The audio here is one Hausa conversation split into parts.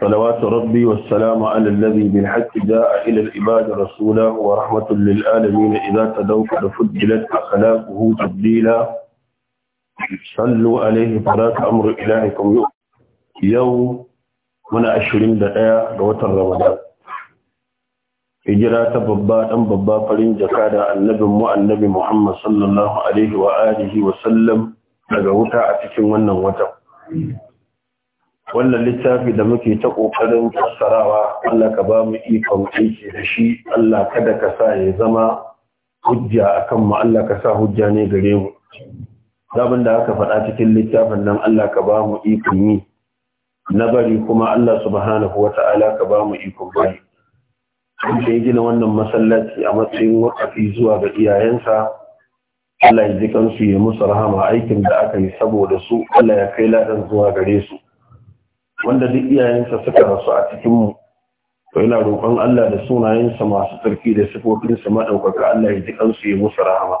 صلوات ربي والسلام على الذي بالحق جاء إلى العباد رسولا ورحمة للعالمين إذا تدوك فجلت أخلاقه تبديلا صلوا عليه فراك أمر إلهكم يوم يوم من أشرين دقاء دوة الرمضان hijira ta babba dan babba farin jaka da annabin mu annabi Muhammad sallallahu alaihi wa alihi wa sallam daga wuta a cikin wannan watan wannan littafi da muke ta ƙoƙarin fassarawa Allah ka ba mu ikon aiki da shi Allah kada ka sa ya zama hujja a kanmu Allah ka sa hujja ne gare mu zabin da aka faɗa cikin littafin nan Allah ka ba mu ikon yi na bari kuma Allah subhanahu wata'ala ka ba mu ikon bari wanda gina wannan masallaci a matsayin wakafi zuwa ga iyayensa Allah ya ji kansu ya musu rahama aikin da aka yi saboda su Allah ya kai ladan zuwa gare su wanda duk iyayensa suka rasu a cikinmu to ina roƙon Allah da sunayensa masu tsarki da sifofinsa maɗaukaka Allah ya ji kansu ya musu rahama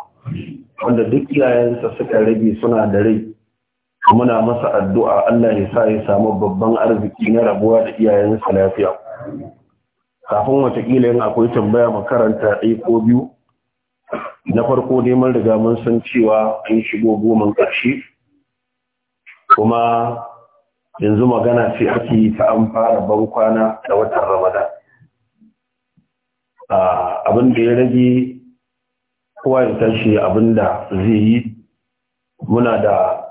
wanda duk iyayensa suka rage suna da rai muna masa addu'a Allah ya sa ya samu babban arziki na rabuwa da iyayensa lafiya kafin watakila yin akwai tambaya makaranta ɗaya ko biyu na farko neman riga mun san cewa an shigo goma ƙarshe kuma yanzu magana ce ake yi ta an fara bankwana da watan ramadan abin da ya rage kowa ya tashi abin da zai yi muna da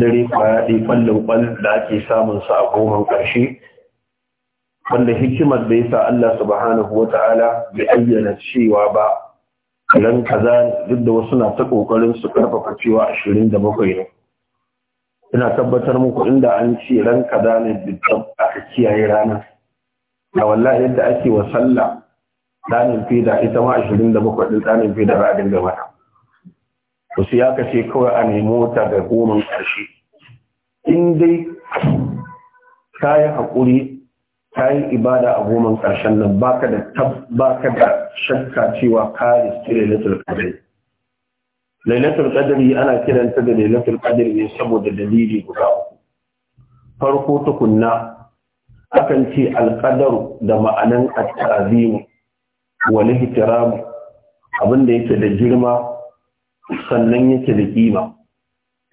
dare kwayaɗe ɓallin ƙwallon da ake samun sa a goman ƙarshe wanda hikimar da ya sa Allah subhanahu wa ta'ala bai ayyana cewa ba kalan kaza duk da wasu na ta ƙoƙarin su ƙarfafa cewa ashirin da bakwai ne ina tabbatar muku inda an ce ranka kaza ne bitab aka kiyaye rana da wallahi yadda ake wa sallah danin fida ita ma 27 din danin fida ba a dinga mata to sai aka ce kawai a nemo ta ga goman karshe in dai ka yi haƙuri ka yi ibada a goman karshen nan baka da da shakka cewa ka riske da lailatul qadri ana kiranta da lailatul qadri ne saboda dalili guda uku farko tukunna akan ce alqadar da ma'anan at-ta'zim wa ihtiram abin da yake da girma sannan yake da kima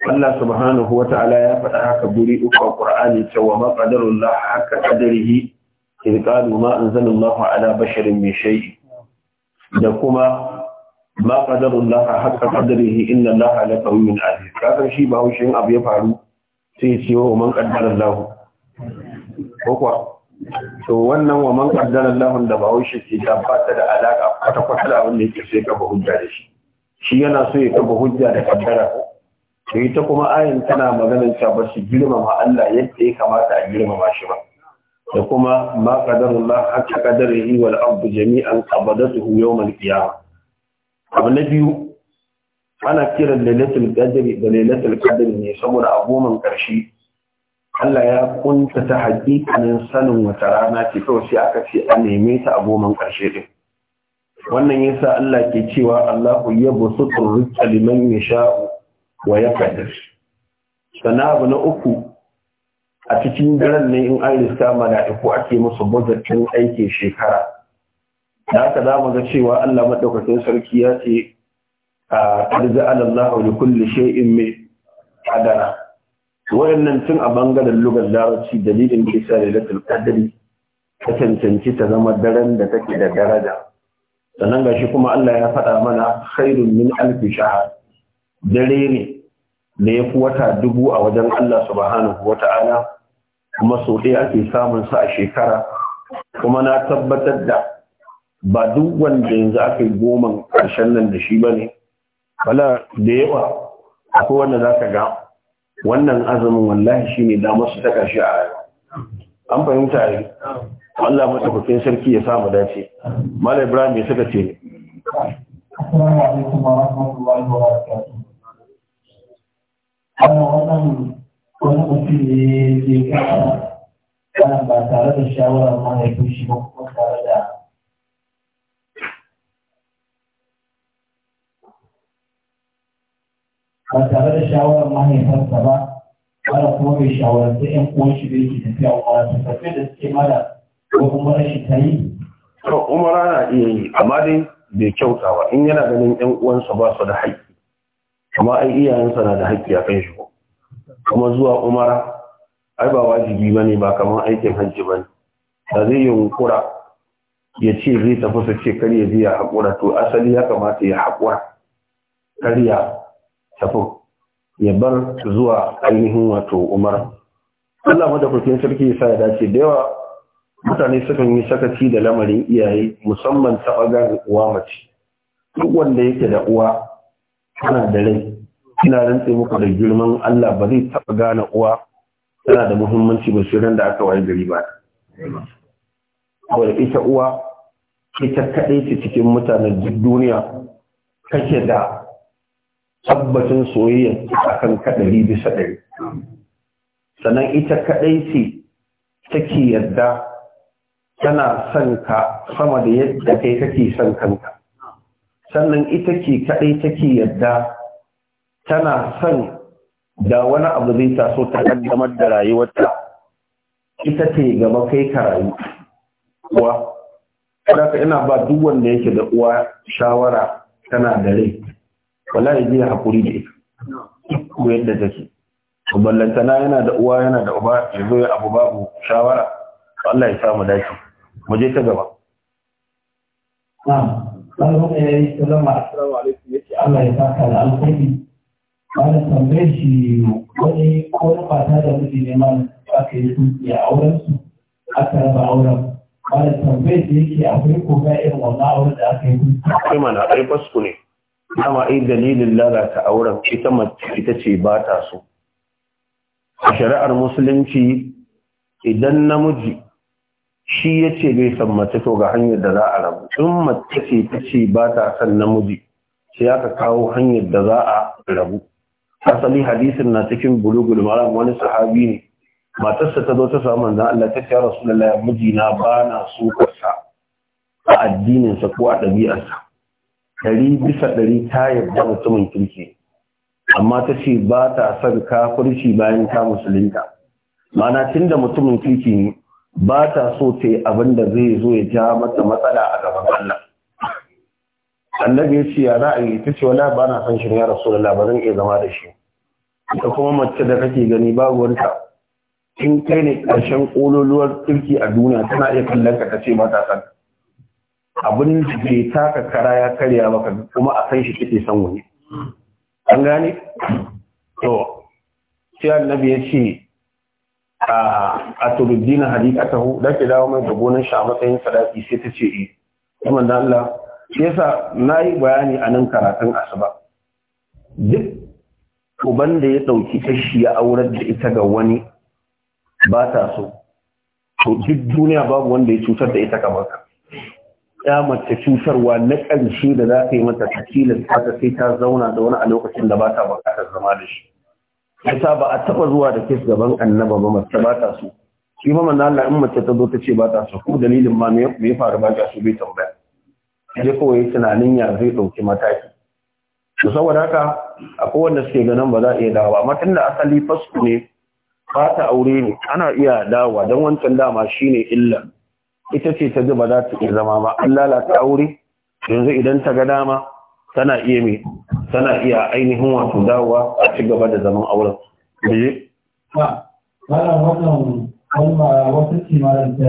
Allah subhanahu wa ta'ala ya faɗa haka guri uku a Qur'ani cewa ma qadarullah haka qadarihi in qalu ma anzalallahu ala basharin min shay'in da kuma ma qadarullaha haqqa qadarihi inna allaha la qawiyyun aziz kasan shi ba haushin abu ya faru sai ce wa man qaddara Allah ko kuwa to wannan wa man qaddara Allah da ba haushi ke ta fata da alaka kwata kwata da abin da yake sai ka hujja da shi shi yana so ya kafa hujja da kaddara to ita kuma ayin tana maganar cewa ba su girmama Allah yadda ya kamata a girmama shi ba da kuma ma qadarullah hatta qadarihi wal ardu jami'an qabadatuhu yawm al-qiyamah abu na biyu ana kiran lailatul kadari da lailatul qadri ne saboda abuman ƙarshe, karshe Allah ya kunta ta hakikanin sanin wata rana ce kawai sai aka ce a neme ta abuman ƙarshe karshe din wannan yasa Allah ke cewa Allahu yabsutu rizqa liman yasha'u wa yaqdir sana abu na uku a cikin daren ne in an riska mala'iku ake musu budgetin aiki shekara da haka za mu ga cewa Allah maɗaukacin sarki ya ce a ƙarzi alallahu da kulle shay'in mai adara wayannan tun a bangaren lugar larabci dalilin da yasa lailatul ta cancanci ta zama daren da take da daraja sannan gashi kuma Allah ya faɗa mana khairun min alfi shahr dare ne da ya fi wata dubu a wajen Allah subhanahu wata'ala kuma sau ɗaya ake samun sa a shekara kuma na tabbatar da ba duk wanda yanzu aka yi goma ƙarshen nan da shi ba ne wala da yawa ko wanda za ka ga wannan azumin wallahi shi ne damar su ta ƙarshe a yau an fahimta yi Allah matakakin sarki ya samu dace Malam Ibrahim ya saka ce Assalamu alaikum wa wani mutum ne ya ke kasa ba tare da shawarar mahaifin shi ba ba tare da shawarar mahaifarsa ba ana kuma mai shawarar da yan uwanshi shi da yake tafiya umara su tafiya da suke mara ko kuma rashin ta yi to umara na iya yi amma dai bai kyauta ba in yana ganin yan uwansa ba su da haƙƙi amma ai iyayensa na da haƙƙi a kan shi ko kuma zuwa umara ai ba wajibi ba ne ba kamar aikin hajji ba ne da zai yunkura ya ce zai tafi su ce kar ya biya haƙura to asali ya kamata ya haƙura karya tafi ya bar zuwa ainihin wato umar Allah madaukakin sarki ya sa ya dace da yawa mutane sukan yi sakaci da lamarin iyaye musamman ta ɓangaren uwa mace duk wanda yake da uwa tana da rai ina rantse muku da girman Allah ba zai taɓa gane uwa tana da muhimmanci ba shirin da aka waye gari ba kawai ita uwa ita kaɗai ce cikin mutanen duk duniya kake da tabbacin soyayya a kan kaɗari bisa ɗari sannan ita kaɗai ce take yadda tana son ka sama da yadda kai kake son kanka sannan ita ke kaɗai take yadda tana son da wani abu zai taso ta ƙaddamar da rayuwarta ita ce gaba kai ka rayu uwa ina ba duk wanda yake da uwa shawara tana da rai wallahi zai hakuri da ita ko yadda take to na yana da uwa yana da uba ya zo ya abu babu shawara Allah ya samu dace mu je ta gaba Salamu alaikum ya ce Allah ya saka da alkhairi tambaye shi wani ko na mata da miji ne ma aka yi tuki a auren su aka raba auren wani tambaye shi yake akwai ko ga irin wannan auren da aka yi tuki akwai mana ai fasku ne dama ai dalilin lalata auren ita mace ita ce ba ta so a shari'ar musulunci idan namiji shi ya ce bai san mace to ga hanyar da za a rabu in mace ce ta ce ba ta san namiji sai aka kawo hanyar da za a rabu asali hadisin na cikin bulugul maram wani sahabi ne matarsa ta zo ta samu manzon Allah ta ce ya rasulullahi mijina ba na so sa a addininsa ko a ɗabi'arsa ɗari bisa ɗari ta yarda mutumin kirki amma ta ce ba ta son kafirci bayan ta musulunta mana tun da mutumin kirki ne ba ta so ta yi abin da zai zo ya ja mata matsala a gaban Allah annabi ya ce ya ra'ayi ta ce wala ba na son shi ya rasu da zan iya zama da shi ita kuma mace da kake gani babu wanta in kai ne ƙarshen ƙololuwar kirki a duniya tana iya kallon ka ta ce ba ta abin da ya taka kara ya karya maka kuma a san shi kike san wani an gane to shi annabi ya ce a turuddina hadikatahu da ke dawo mai da shi a matsayin sadaki sai ta ce eh kuma da Allah shi yasa nayi bayani a nan karatun asuba duk uban da ya dauki kashi ya aurar da ita ga wani ba ta so to duk duniya babu wanda ya cutar da ita kamar ka ya mace cutarwa na ƙarshe da za ka yi mata takilin ta sai ta zauna da wani a lokacin da ba ta buƙatar zama da shi yasa ba a taɓa zuwa da kes gaban annaba ba mace ba ta so shi ma mana Allah in mace ta zo ta ce ba ta so ko dalilin ma me ya faru ba ta so bai tambaya je kawai tunanin ya zai ɗauki mataki to saboda haka a kowanne suke ganin ba za a iya dawo amma tunda asali fasku ne ba ta aure ne ana iya dawa don wancan dama shine illa ita ce ta zuba za ta iya zama ba an lalata aure yanzu idan ta ga dama tana iya mai tana iya ainihin wato dawowa a ci gaba da zaman auren biyu ha wannan kalma wata ce malam ta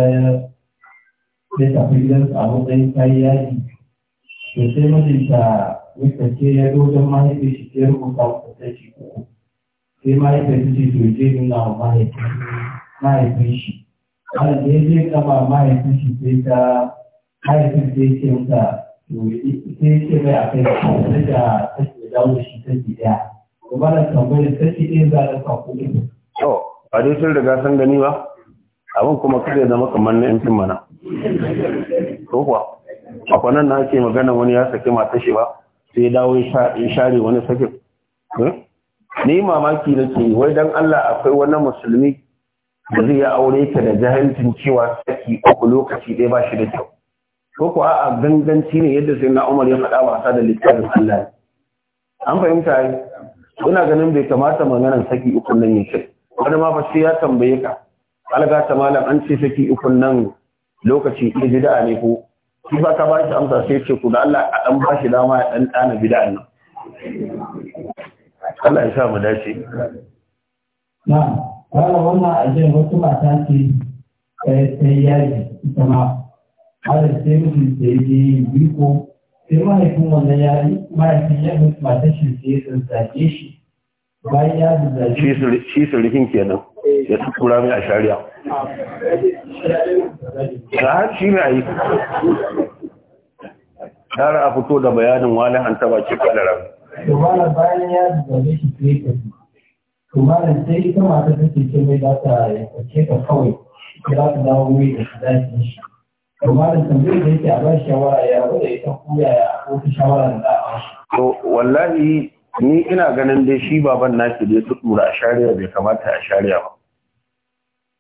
ya tafi gidan a matsayin kayi yaji to sai mijinta ya ce ya dogon mahaifin shi ta rubuta wata ta shi ko sai mahaifin shi to je nuna wa mahaifin shi wanda ya je kama mahaifin shi sai ta mahaifin sai ce masa sai ce mai a kai sai da take dawo da shi ta gida kuma na tambayar ta ce ɗaya eh, za ta kwako ne. to ba dai sun riga sun gani ba abin kuma kada ya zama kamar na yankin mana ko kuwa a kwanan na ake magana wani ya saki mata shi ba sai ya dawo ya share wani sakin hmm? ni mamaki nake wai dan Allah akwai wani musulmi da zai ya aure ta da jahilcin cewa saki uku lokaci ɗaya ba shi da kyau ko a'a a ganganci ne yadda sai na umar ya faɗa wasa da littafin Allah an fahimta yi ina ganin bai kamata maganar saki uku nan yake wani ma fa sai ya tambaye ka alga ta malam an ce saki uku nan lokaci ɗaya bid'a ne ko shi ba ka ba shi amsa sai ce ku da Allah a dan ba shi dama ya dan ɗana bid'a nan Allah ya sa mu dace na'am Kala wannan ajiyar wata mata ce ta yi yaji ita ma. har sai mutum da ya je biko sai mahaifin wannan yari mahaifin ya mutu matar shi sai ya tsantsake shi. Bayan ya zazzaje. Shi sulhin kenan ya tura mai a shari'a. Ta shi ne a yi. Tara a fito da bayanin wani an taba ce kalaran. Dubana bayan ya da shi sai ya tafi. to sai ita mata take ce mai za ta yankace ka kawai ki za ta dawo mai da sadaki shi to malam tambayar da yake a ba shawara ya da ita ko ya ko ta shawara da za a to wallahi ni ina ganin dai shi baban naki da su tutura a shari'a bai kamata a shari'a ba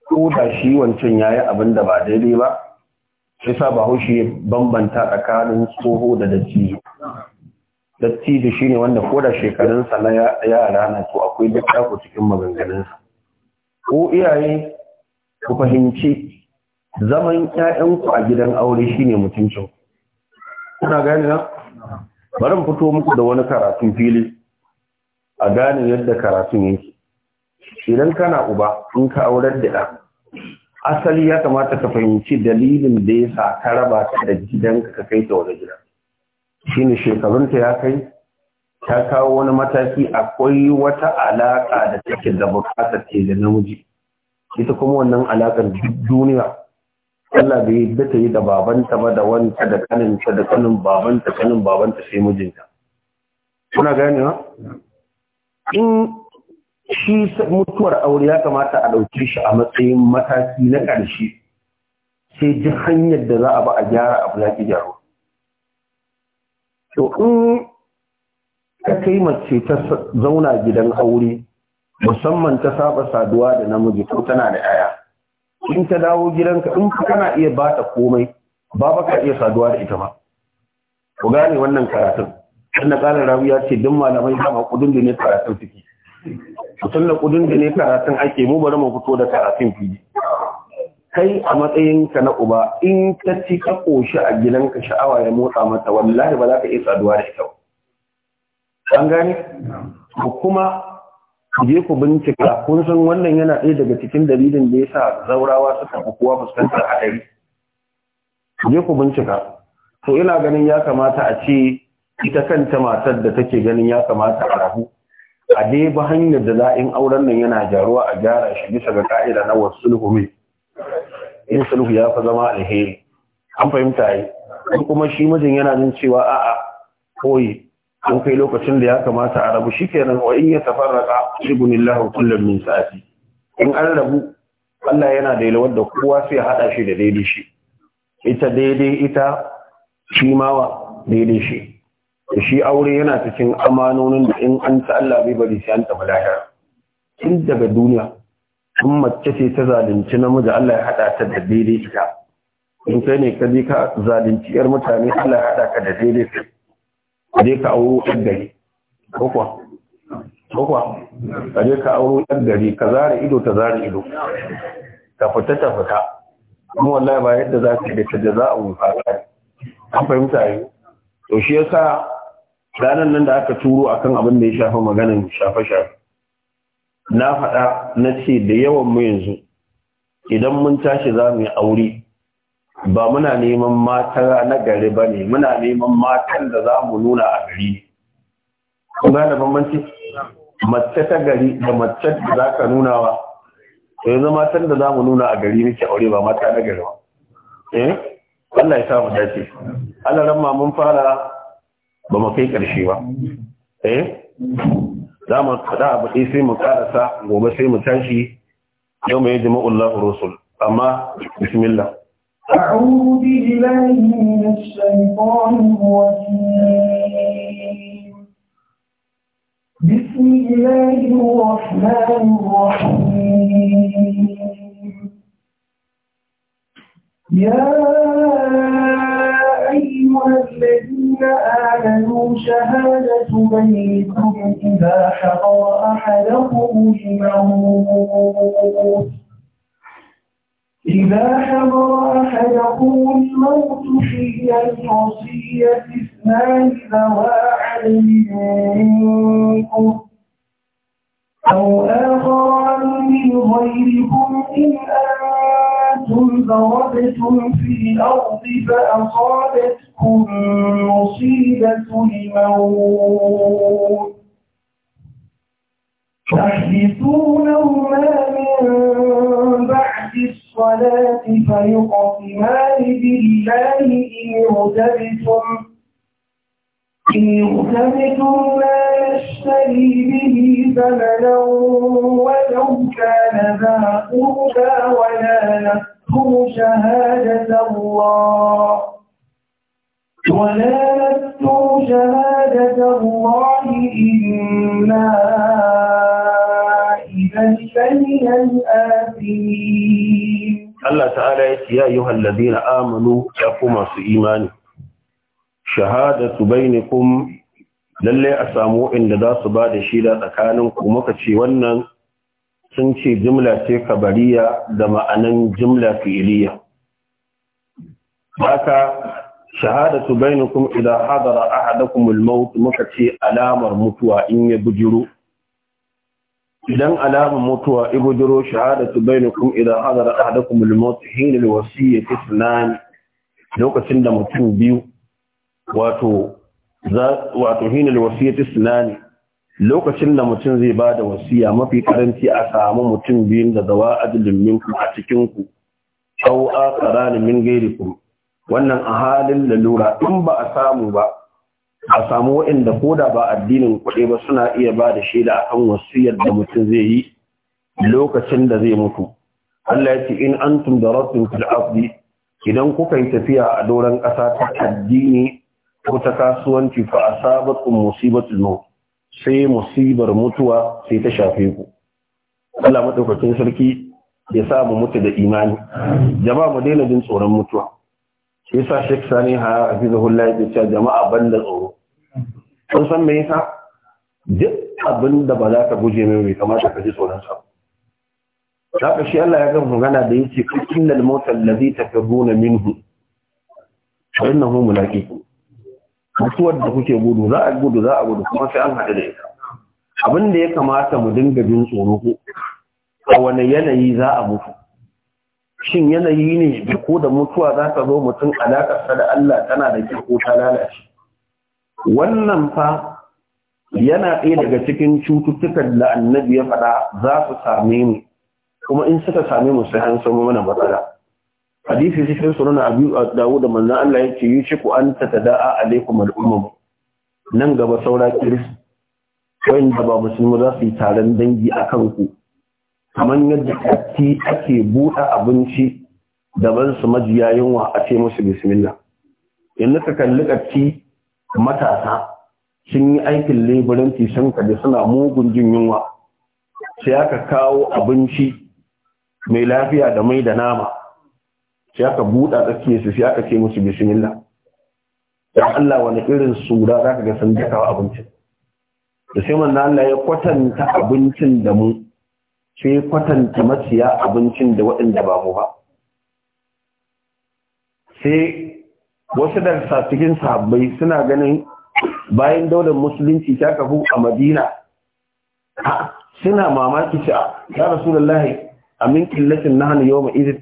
ko da shi wancan yayi abin da ba daidai ba sai sa ba bahaushe bambanta tsakanin tsoho da dattijo dattijo ne wanda ko da shekarunsa na yara na to akwai dattako cikin maganganunsa ko iyaye ku fahimci zaman ƴaƴanku a gidan aure shine mutuncin kuna gane na bari mu fito muku da wani karatun fili a gane yadda karatun yake idan kana uba in ka aurar da ɗa asali ya kamata ka fahimci dalilin da ya sa ka raba ta da gidanka ka kai ta wani gidan. shine shekarunta ya kai ta kawo wani mataki akwai wata alaƙa da take da bukatar ke da namiji ita kuma wannan alaƙar duniya Allah bai yadda ta yi da babanta ba da wanta da kaninta da kanin babanta kanin babanta sai mijinta kuna gane ba in shi mutuwar aure ya kamata a ɗauke shi a matsayin mataki na ƙarshe sai ji hanyar da za a ba a gyara abu ya ki gyaro to in ka kai mace ta zauna gidan aure musamman ta saba saduwa da namiji ko tana da yaya in ta dawo gidanka in kana iya ba ta komai ba ba ka iya saduwa da ita ba ku gane wannan karatun inda ƙarin rawi ya ce duk malamai ma kudin da ne karatun fiki. mutum da kudin da ne karatun ake mu bari mu fito da karatun fiki. kai a matsayinka na uba in ka ci ka koshi a ka sha'awa ya motsa mata wallahi ba za ka iya saduwa da ita an gane kuma je ku bincika kun san wannan yana ɗaya daga cikin dalilin da ya sa zaurawa suka fi kowa fuskantar haɗari je ku bincika to ina ganin ya kamata a ce ita kanta matar da take ganin ya kamata a rahu a dai ba hanyar da za'in auren nan yana jaruwa a gyara shi bisa ga ka'ida na wasu hulhumi In sulhu ya fa zama alheri an fahimta yi kuma shi mijin yana jin cewa a'a koyi an kai lokacin da ya kamata a rabu shikenan wa in ya tafarraqa ibnillahu kullum min sa'ati in an rabu Allah yana da yalwar da kowa sai ya hada shi da daidai shi ita daidai ita shi mawa daidai shi shi aure yana cikin amanonin da in an ta Allah bai bari sai an tafi lahira tun daga duniya in mace ce ta zalunci namiji Allah ya haɗa ta da daidai ita in kai ne ka je ka zalunci yar mutane Allah ya haɗa ka da daidai ka je ka auro yar gari ko kuwa ko kuwa ka je ka auro yar gari ka zara ido ta zara ido Ka fita ta fita kuma wallahi ba yadda za ka yi da ta za a wuka an fahimta yi to shi yasa ranar nan da aka turo akan abin da ya shafa maganin shafe-shafe na faɗa na ce da yawan mu yanzu idan mun tashi za mu yi aure ba muna neman mata na gari ba ne muna neman matan da za mu nuna a gari kun gane bambanci mace ta gari da mace da za ka nuna wa to yanzu matan da za mu nuna a gari muke aure ba mata na gari ba eh Allah ya sa mu dace Allah ramma mun fara ba mu kai ƙarshe ba eh za mu faɗa abu ɗaya sai mu ƙarasa gobe sai mu tashi yau mai jima'ul lahu rusul amma bismillah أعوذ بالله من الشيطان الرجيم بسم الله الرحمن الرحيم يا أيها الذين آمنوا شهادة بينكم إذا حضر أحدكم الموت إذا حضر أحدكم الموت في الوصية اثنان ذوى عدل منكم أو آخران من غيركم إن أنتم ضربتم في الأرض فأصابتكم مصيبة الموت تحدثونهما من بعد الصلاة فيقسمان بالله إن ارتبتم إن ارتبتم لا يشتري به ثمنا ولو كان ذا قربى ولا نفس أحسنتم شهادة الله ولا لستوا شهادة الله إنا إذا من الآثمين Allah ta'ala ya ce, Yayi hallabi na ya ku masu imani, shahada su bai ni kun lallai a samu inda za su ba da shida tsakaninku muka ce wannan sun ce jimla ce kabariya da ma'anan jimla fi'iliya bai shahadatu bainakum idan hadara ahadakum al-maut muka ce alamar mutuwa in ya bujiro idan alamar mutuwa ya bujiro shahadatu bainakum idan hadara ahadakum al-maut hin ya wasiyyati tunani lokacin da mutum biyu wato wato hin ya wasiyyati tunani. lokacin da mutum zai ba da wasiya mafi karanci a samu mutum biyu da zawa minku a cikinku au aqrani min ku wannan a halin lalura in ba a samu ba a samu waɗanda da ba addinin kuɗi ba suna iya ba da shaida a kan wasiyar da mutum zai yi lokacin da zai mutu Allah ya ce in an daratum fil idan kuka yi tafiya a doron ƙasa ta addini ko ta kasuwanci fa a asabatkum musibatul maut sai musibar mutuwa sai ta shafe ku Allah maɗaukacin sarki ya sa mu mutu da imani jama'a mu daina jin tsoron mutuwa Sai sa Sheikh Sani ha hafizahullah ya ce jama'a banda tsoro kun san me yasa duk abin da ba za ka guje mai bai kamata ka ji tsoron sa Haka shi Allah ya ga magana da yace kullal mautal ladhi takabuna minhu fa innahu mulaqikum mutuwar da kuke gudu za a gudu za a gudu kuma sai an haɗu da ita abin da ya kamata mu dinga bin tsoro ko a wani yanayi za a mutu shin yanayi ne da ko da mutuwa za ta zo mutum alaƙarsa da Allah tana da kyau ko ta lalace wannan fa yana ɗaya daga cikin cututtukan da annabi ya faɗa za su same mu kuma in suka same mu sai an samu mana matsala hadisi sun sunan abu dawo da manzon Allah yake yi shi ku an tatada'a alaikum al'umma nan gaba saura kiris da ba musulmi za su yi taron dangi a ku. kamar yadda kati ake buɗa abinci daban su majiya yunwa a ce musu bismillah yanzu ka kalli ƙarfi matasa sun yi aikin leburanci sun kaji suna mugun jin yunwa sai aka kawo abinci mai lafiya da mai da nama sai aka buɗa tsakiyar su sai aka ce musu bismillah Ya Allah wani irin sura ka ga sun dakawa abincin da sai manna Allah ya kwatanta abincin da mu sai kwatanta maciya abincin da waɗanda ba mu ba sai wasu daga cikin sahabbai suna ganin bayan daular musulunci ta kafu a madina suna mamaki ce a ya rasulullahi a min killacin na hannu yau izin?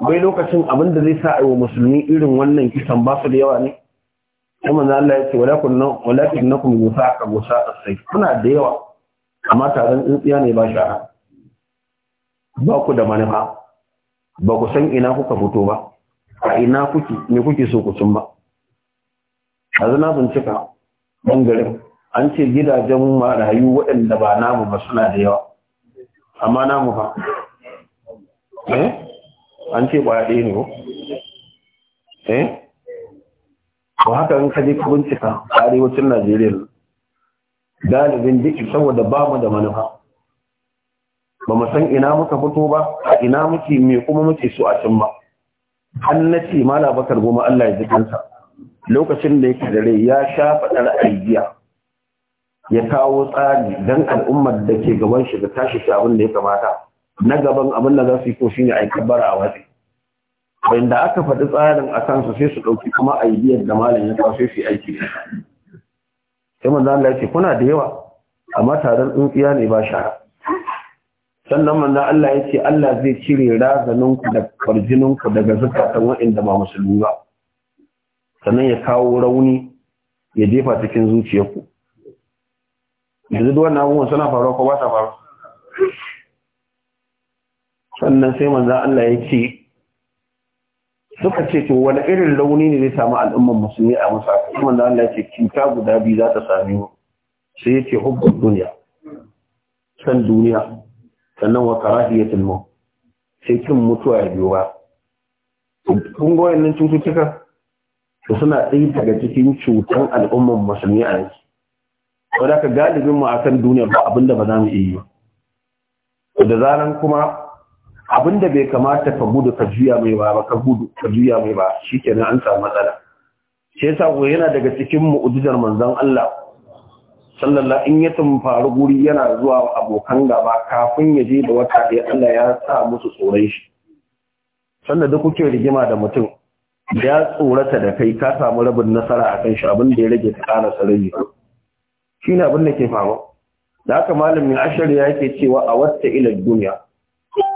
bai lokacin abin da zai sa a wa musulmi irin wannan kisan ba su da yawa ne kuma na Allah ya ce walakin na kuma gusa ka gusa a sai kuna da yawa amma taron tsintsiya ne ba shara ba ku da manufa ba ku san ina kuka fito ba a ina kuke me kuke so ku cin ba yanzu na bincika bangaren an ce gidajen marayu waɗanda ba namu ba suna da yawa amma namu fa eh an ce kwaya ɗaya ne ko eh ba haka in kaje ka bincika a arewacin najeriya galibin jiki saboda ba mu da manufa ba mu san ina muka fito ba a ina muke me kuma muke so a cin ba an na mala bakar goma Allah ya ji sa. lokacin da yake dare ya sha fadar aidiya ya kawo tsari dan al'ummar da ke gaban shi da tashi shi abin da ya kamata na gaban abin da za su yi ko shine ai kabbara a watsi wanda aka faɗi tsarin a kansu sai su ɗauki kuma aidiyar da malam ya kawo sai su aiki sai mun zan lafi kuna da yawa amma taron tsintsiya ne ba shara sannan zan Allah ya ce Allah zai cire razaninku da farjininku daga zakatan waɗanda ba musulmi ba sannan ya kawo rauni ya jefa cikin zuciyarku yanzu duk wannan abubuwan suna faruwa ko ba ta faruwa sannan sai manzan Allah ya ce suka ce to wani irin launi ne zai samu al'umman musulmi a musa kuma manzan Allah ya ce cuta guda biyu za ta sami mu sai ya ce hubbun duniya san duniya sannan wa karahiyatul maut sai kin mutuwa ya biyo ba kun ga wayannan cututtuka to suna ɗaya daga cikin cutan al'umman musulmi a yanzu wadda ka galibin mu kan duniya ba abinda ba za mu iya yi da zaran kuma Abin da bai kamata ka gudu ka juya mai ba ka gudu ka juya mai ba shikenan an samu matsala shi yasa ko yana daga cikin mu'jizar manzon Allah sallallahu in ya tumfaru guri yana zuwa abokan gaba kafin ya je da wata da Allah ya sa musu tsoron shi sannan da kuke rigima da mutum ya tsorata da kai ka samu rabin nasara akan shi abin da ya rage ta ƙara sarari shi ne abin da ke faru da haka malamin ashar ya cewa a wata ilar duniya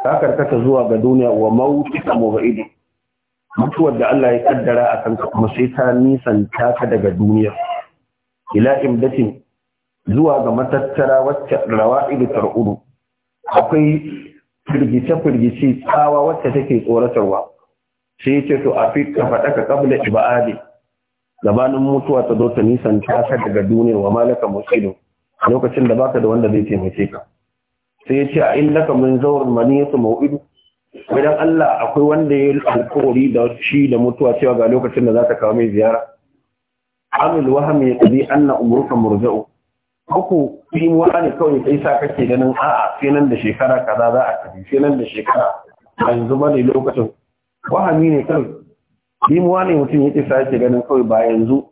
ka karkata zuwa ga duniya wa mautika mubaidu mutuwar da Allah ya kaddara a ka kuma sai ta nisan taka daga duniya ila imdatin zuwa ga matattara wacce rawa'idu tar'udu akwai firgice firgice tsawa wacce take tsoratarwa sai ce to a fi ka fada ka kabla ibadi gabanin mutuwa ta zo ta nisan taka daga duniya wa malaka musidu lokacin da baka da wanda zai taimake ka sai ya ce a mun min mani su ma'udu idan Allah akwai wanda ya alƙawari da shi da mutuwa cewa ga lokacin da za ta kawo mai ziyara amil wahami yaqdi anna umruka murja'u uku in ne kawai sai sa kake ganin a'a sai nan da shekara kaza za a tafi sai nan da shekara yanzu ba ne lokacin wahami ne kawai in ne mutum yake sa ganin kawai ba yanzu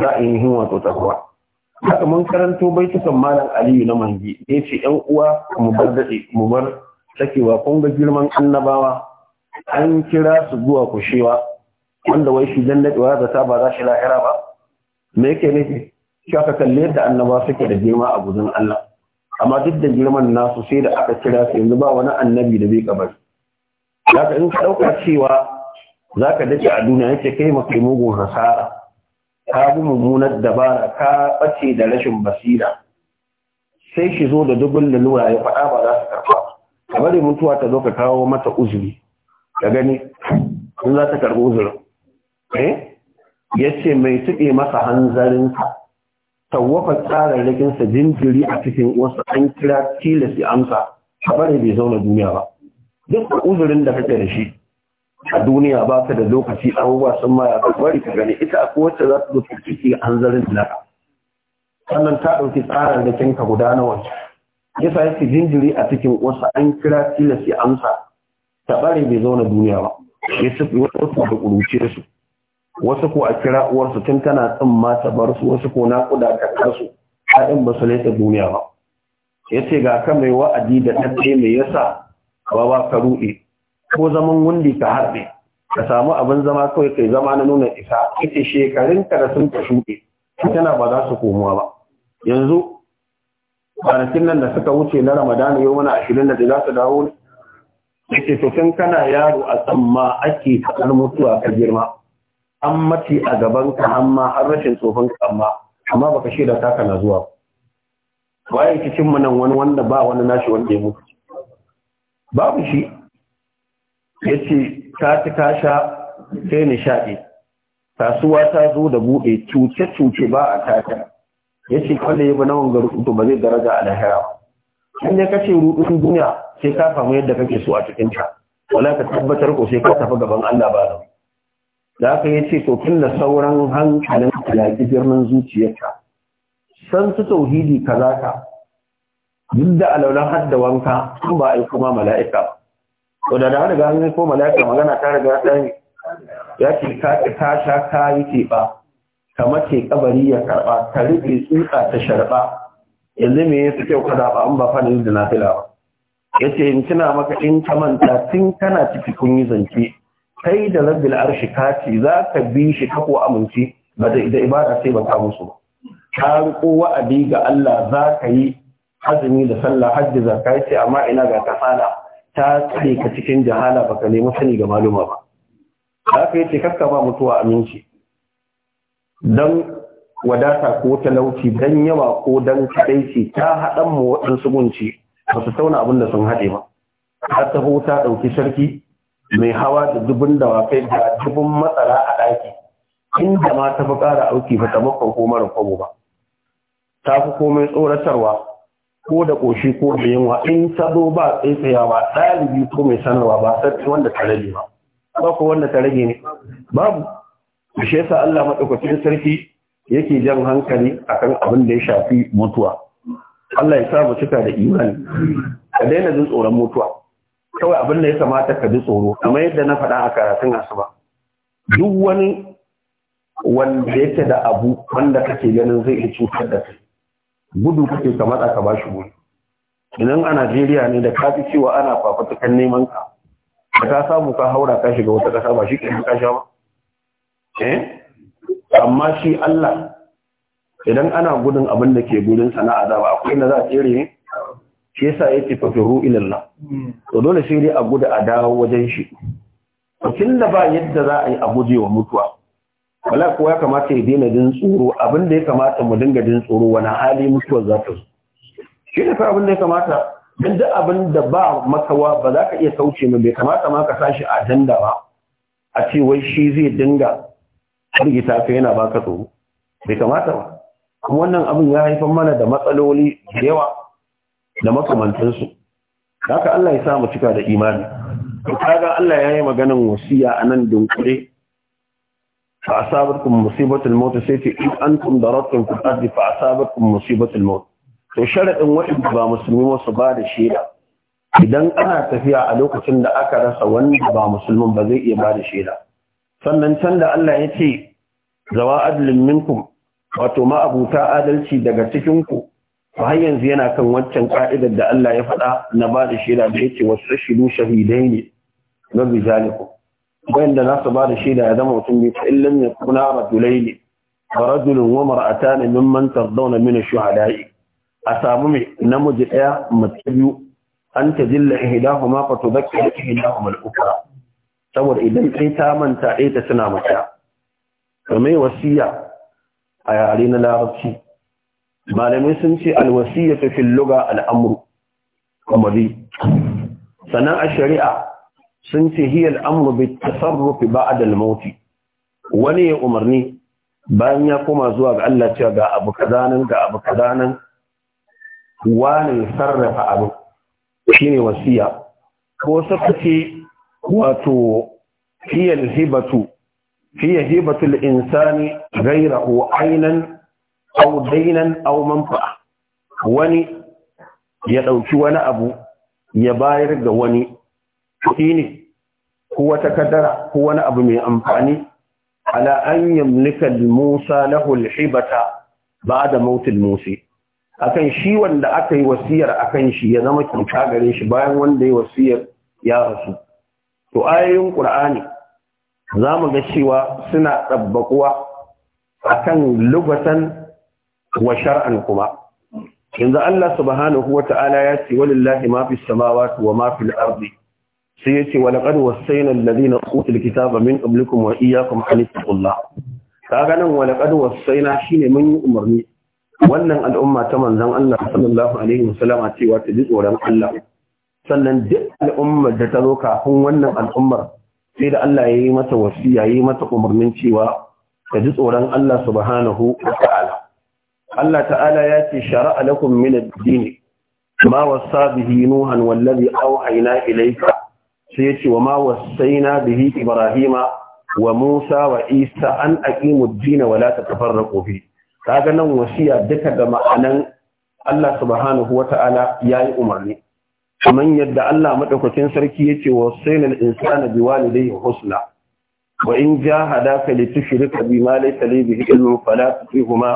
za a yi wato takwa haka mun karanto baitukan malam aliyu na mangi ya ce yan uwa mu bar daɗe mu bar sakewa kun ga girman annabawa an kira su zuwa kushewa wanda wai shi dan daɗewa da ta ba za shi lahira ba me yake nufi shi aka kalli yadda annabawa suke da girma a gudun Allah amma duk da girman nasu sai da aka kira su yanzu ba wani annabi da bai kabar haka in ka ɗauka cewa za ka dace a duniya yake kai mafi mugun hasara ka bi mummunar dabara ka ɓace da rashin basira sai shi zo da dubin lalura ya faɗa ba za su karɓa ka bari mutuwa ta zo ka kawo mata uzuri ka gani in za ta karɓi uzuri eh ya ce mai tuɓe masa hanzarinsa tawafa tsararrakinsa jinjiri a cikin wasu an kira tilas ya amsa a bari bai zauna duniya ba duk uzurin da kake da shi a duniya ba ka da lokaci abubuwa sun maya ka bari ka gani ita a kowace za su zo ta ciki a hanzarin naka sannan ta ɗauki tsarin da kinka guda na ya sa yake jinjiri a cikin wasu an kira ya amsa ta bare bai zauna duniya ba ya ci wasu da ƙuruce su wasu ko a kira uwarsu tun tana tsin ma ta bar su wasu ko na naƙuda ta karsu haɗin ba su laifin duniya ba ya ce ga ka mai wa'adi da ɗaya mai yasa ba ba ka ruɗe ko zaman wundi ka harbe ka samu abin zama kawai kai zama na nuna isa ita shekarun ka da sun ka shuɗe tana ba za su komuwa ba yanzu kwanakin nan da suka wuce na ramadana yau mana ashirin da za su dawo ne ke to kana yaro a tsamma ake faɗar mutuwa ka girma an mace a gaban ka amma har rashin tsofin ka amma amma baka shaida taka na zuwa waye cikin mu nan wani wanda ba wani nashi wanda ya mutu babu shi ya ce ta ci ta sha sai nishaɗi kasuwa ta zo da buɗe cuce-cuce ba a tata ya ce kwallo ya bi na wangar rubutu ba zai daraja a lahira in ya kace rudin duniya sai ka samu yadda kake so a cikin ta wala ka tabbatar ko sai ka tafi gaban Allah ba da da haka ya ce to da sauran hankalin talaki birnin zuciyarka san su tauhidi kaza ka duk da har haddawanka wanka ba a yi kuma mala'ika ba ko da da ga an ko malaka magana ta riga ta yi ya ce ka ta sha ka yi teɓa ka mace kabari ya karba ta rufe tsutsa ta sharɓa yanzu me yasa kyau ka zaɓa an ba fadin da na ba ya ce in kina maka in ka manta tun kana ciki kun yi zance kai da rabbil arshi ka ce za ka bi shi ka ko amince ba da ibada sai ba ka musu ba ka riko wa'adi ga Allah za ka yi azumi da sallah hajji zakka ce amma ina ga kasala ta tsare ka cikin jahala ka nemi sani ga maluma ba ka yi ka ba mutuwa aminci dan wadata ko talauci don yawa ko dan kadaici ta haɗan mu waɗansu gunci ba su tauna abin da sun haɗe ba ta taho ta ɗauki sarki mai hawa da dubun dawakai da dubun matsara a ɗaki inda ma ta fi ƙara auki ba ta makon ko mara kwabo ba ta fi komai tsoratarwa ko da ƙoshi ko da yunwa in ta zo ba tsaitsayawa ɗalibi ko mai sanarwa ba sarki wanda ta rage ba ba ko wanda ta rage ne babu shi yasa Allah madaukakin sarki yake jan hankali akan abin da ya shafi mutuwa Allah ya sa mu cika da imani ka daina jin tsoron mutuwa kawai abin da ya kamata ka ji tsoro kamar yadda na faɗa a karatun asuba duk wani wanda yake da abu wanda kake ganin zai iya cutar da kai gudu kake kamar aka ka bashi gudu idan a Najeriya ne da ka fi cewa ana fafatakan neman ka da ka samu ka haura ka shiga wata kasa ba shi ke ka sha ba eh amma shi Allah idan ana gudun abin da ke gudun sana'a da ba akwai na za a tsere ne shi yasa yake fafiru ilallah to dole sai dai a gudu a dawo wajen shi tun da ba yadda za a yi a guje wa mutuwa wala kuwa ya kamata ya daina jin tsoro abin ya kamata mu dinga jin tsoro wani hali mutuwar za ta zo shi ne fa abin ya kamata inda duk abin da ba makawa ba za ka iya kauce mai bai kamata ma ka sashi a danda ba a ce wai shi zai dinga hargita ka yana baka tsoro bai kamata ba kuma wannan abin ya haifar mana da matsaloli da yawa da makamantansu haka Allah ya sa mu cika da imani ka kaga Allah ya yi maganin wasiya a nan dunkure fa asabatkum musibatul maut sai ce in antum daratum fil ardi fa asabatkum musibatul maut to ba musulmi wasu ba da shaida idan ana tafiya a lokacin da aka rasa wanda ba musulmin ba zai iya ba da shaida sannan can da Allah ya ce zawa adlin minkum wato ma'abuta adalci daga cikinku ba har yanzu yana kan wancan ka'idar da Allah ya faɗa na ba da shaida da yake wasu shidu shahidai ne na rijalikum wanda za su ba da shaida ya zama mutum bai fa illam yakuna rajulaini wa rajulun wa mar'atan mimman tardawna min shuhadai a samu mai namiji daya mace biyu an tajilla ihdahuma fa tudhakkira ihdahuma al-ukhra saboda idan kai ta manta ɗaya ta suna mata to mai wasiya a yare na larabci malamai sun ce alwasiyatu fil lugha al-amru sannan a shari'a sun ce hiyar amru bi tasarrufi ba'ad al-maut wani ya umarni bayan ya koma zuwa ga Allah cewa ga abu kazanan ga abu kazanan wani sarrafa abu ne wasiya ko suka ce wato hiyar hibatu هي هبة الإنسان غيره عينا أو دينا أو منفعة wani ya ɗauki wani abu ya bayar ga wani kuɗi ne ko wata kadara ko wani abu mai amfani ala an yamlika Musa lahu al-hibata ba'da maut al-Musi akan shi wanda aka yi wasiyar akan shi ya zama kyauta gare shi bayan wanda ya wasiyar ya rasu to ayoyin Qur'ani zamu ga cewa suna tabbakuwa akan lugatan wa shar'an kuma yanzu Allah subhanahu wata'ala ya ce walillahi ma fis samawati wa ma fil ardi sai yace wa laqad wasayna alladhina utul kitaba min qablikum wa iyyakum an taqullah kaga nan wa laqad wasayna shine mun yi umarni wannan al'umma ta manzon Allah sallallahu alaihi Wasallama cewa ta ji tsoron Allah sannan duk al'ummar da ta zo kafin wannan al'ummar sai da Allah ya yi mata wasiya ya yi mata umarnin cewa ta ji tsoron Allah subhanahu wa ta'ala Allah ta'ala ya ce shara'a lakum min ad-din ma wasa bihi nuhan wallazi awhayna ilayka sai yace wa ma wasaina bihi ibrahima wa musa wa isa an aqimu ad-din wa la tatafarraqu fi kaga nan wasiya duka ga ma'anan Allah subhanahu wata'ala yayi umarni kaman yadda Allah madaukakin sarki yace wasaina al-insana biwalidayhi husna wa in jahadaka litushrika bima laysa li bihi ilmun fala tuti'huma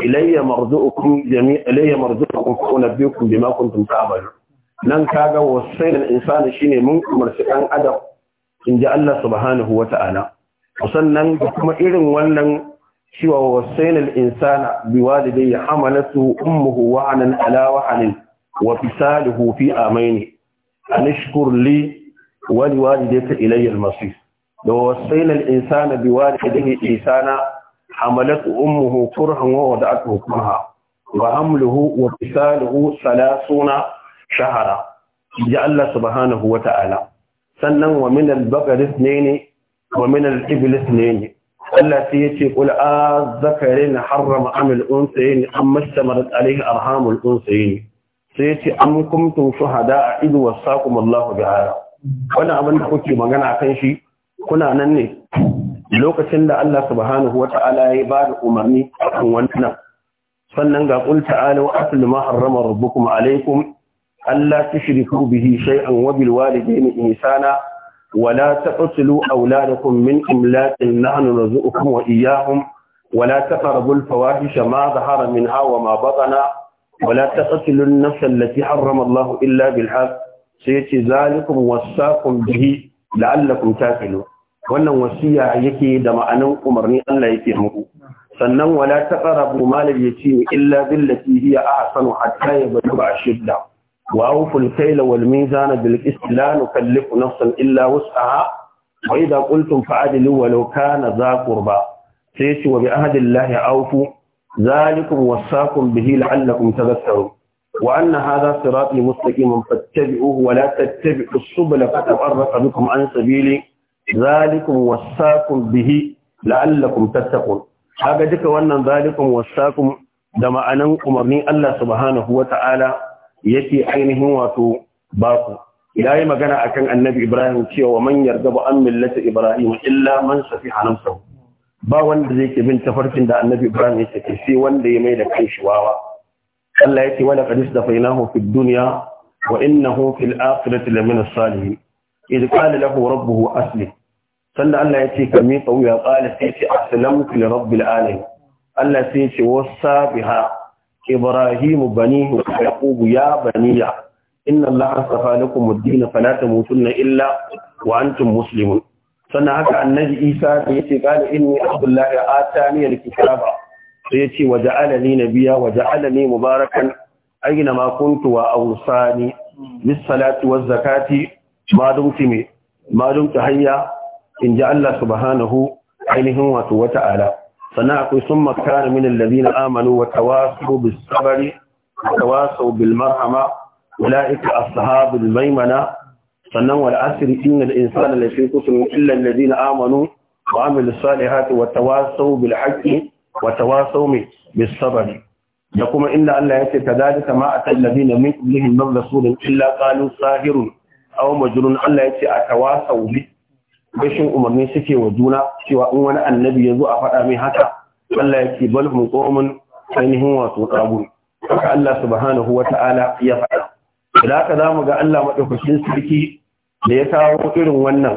ilayya marzuqukum jami'a ilayya marzuqukum fa unabbiukum bima kuntum ta'malun nan kaga wasai da insani shine mun umarci dan adam in ji Allah subhanahu wa ta'ala sannan da kuma irin wannan cewa wasai da insana bi walidayhi hamalatu ummuhu wa anan ala wa anin wa fisaluhu fi amaini anishkur li wa liwalidayka ilayya al-masir da wasaina al-insana bi walidayhi ihsana hamalatu ummuhu kurhan wa wada'atuhu kurha wa hamluhu wa fisaluhu 30 shahara ji Allah subhanahu wa ta'ala sannan wa min al-baqar ithnayn wa min al ne ithnayn Allah ta yi ce kula, a az-zakarin harrama am al-unsayn amma istamarat alayhi arham al-unsayn sai yace am kuntum shuhada id wasakum Allah bihada wannan abin da kuke magana kan shi kuna nan ne lokacin da Allah subhanahu wa ta'ala ya ba da umarni a kan wannan sannan ga qul ta'alu atlu ma harrama rabbukum alaykum Allah ta shiri bihi an wabil walide ni isana wala ta ƙutsulu auladakum min imlaɗin nahanu na zuƙukun wa iyahun wala ta ƙarabul fawahisha ma da haramin hawa ma baɗana wala ta ƙutsulu na sallati haram Allah illa bil haf sai ya ce zalikun wasakun bihi la'allakun ta filo wannan wasiya yake da ma'anin umarni Allah yake muku sannan wala ta ƙarabu malar ya ce ni illa billafi hiya a hasanu hatta ya bari ba a shidda وأوفوا الكيل والميزان بالقسط لا نكلف نفسا إلا وسعها وإذا قلتم فعدلوا ولو كان ذا قربى سيش وبعهد الله أوفوا ذلكم وصاكم به لعلكم تذكرون وأن هذا صراطي مستقيما فاتبعوه ولا تتبعوا السبل فتفرق بكم عن سبيلي ذلكم وصاكم به لعلكم تتقون هذا ذلك وأن ذلكم وصاكم دمعنا أمرني الله سبحانه وتعالى yake ainihin wato baku ya yi magana akan annabi ibrahim cewa manyar gaba an millata ibrahim illa man safi hanamsa ba wanda zai ke bin tafarkin da annabi ibrahim ya tafi sai wanda ya mai da kai shi wawa Allah ce wala qadis da fainahu fid dunya wa innahu fil akhirati lamina salihin idh qala lahu rabbuhu aslim sanda Allah yake ka mi tsawu ya qala sai ce aslamtu li rabbil alamin Allah sai ce wasabiha ibrahimu banihi wa ya baniya inna allaha astafa lakum ad-din fala tamutunna illa wa antum muslimun sannan haka annabi isa da yace qala inni abdullahi atani al-kitaba sai yace wa ja'alani nabiyya wa ja'alani mubarakan aina ma kuntu wa awsani bis salati waz zakati ma dumti me ma dumti hayya in ja Allah subhanahu ainihin wato ala. sannan akwai sun makara min alladhina amanu wa tawasaw bis sabri wa tawasaw bil marhama ulaika ashabul maimana sannan wal asri innal insana lafi khusr illa alladhina amanu wa amilu salihati wa tawasaw bil haqqi wa tawasaw bis sabri da kuma inda Allah ya ce kadalika ma atal ladina min qablihim min rasulin illa qalu sahirun aw majrun Allah ya ce atawasaw bi rashin umarni suke wa juna cewa in wani annabi ya zo a faɗa mai haka Allah ya ce bal hum qawmun ainihin wato qabu haka Allah subhanahu wa ta'ala ya faɗa idan haka zamu ga Allah madaukakin sarki da ya kawo irin wannan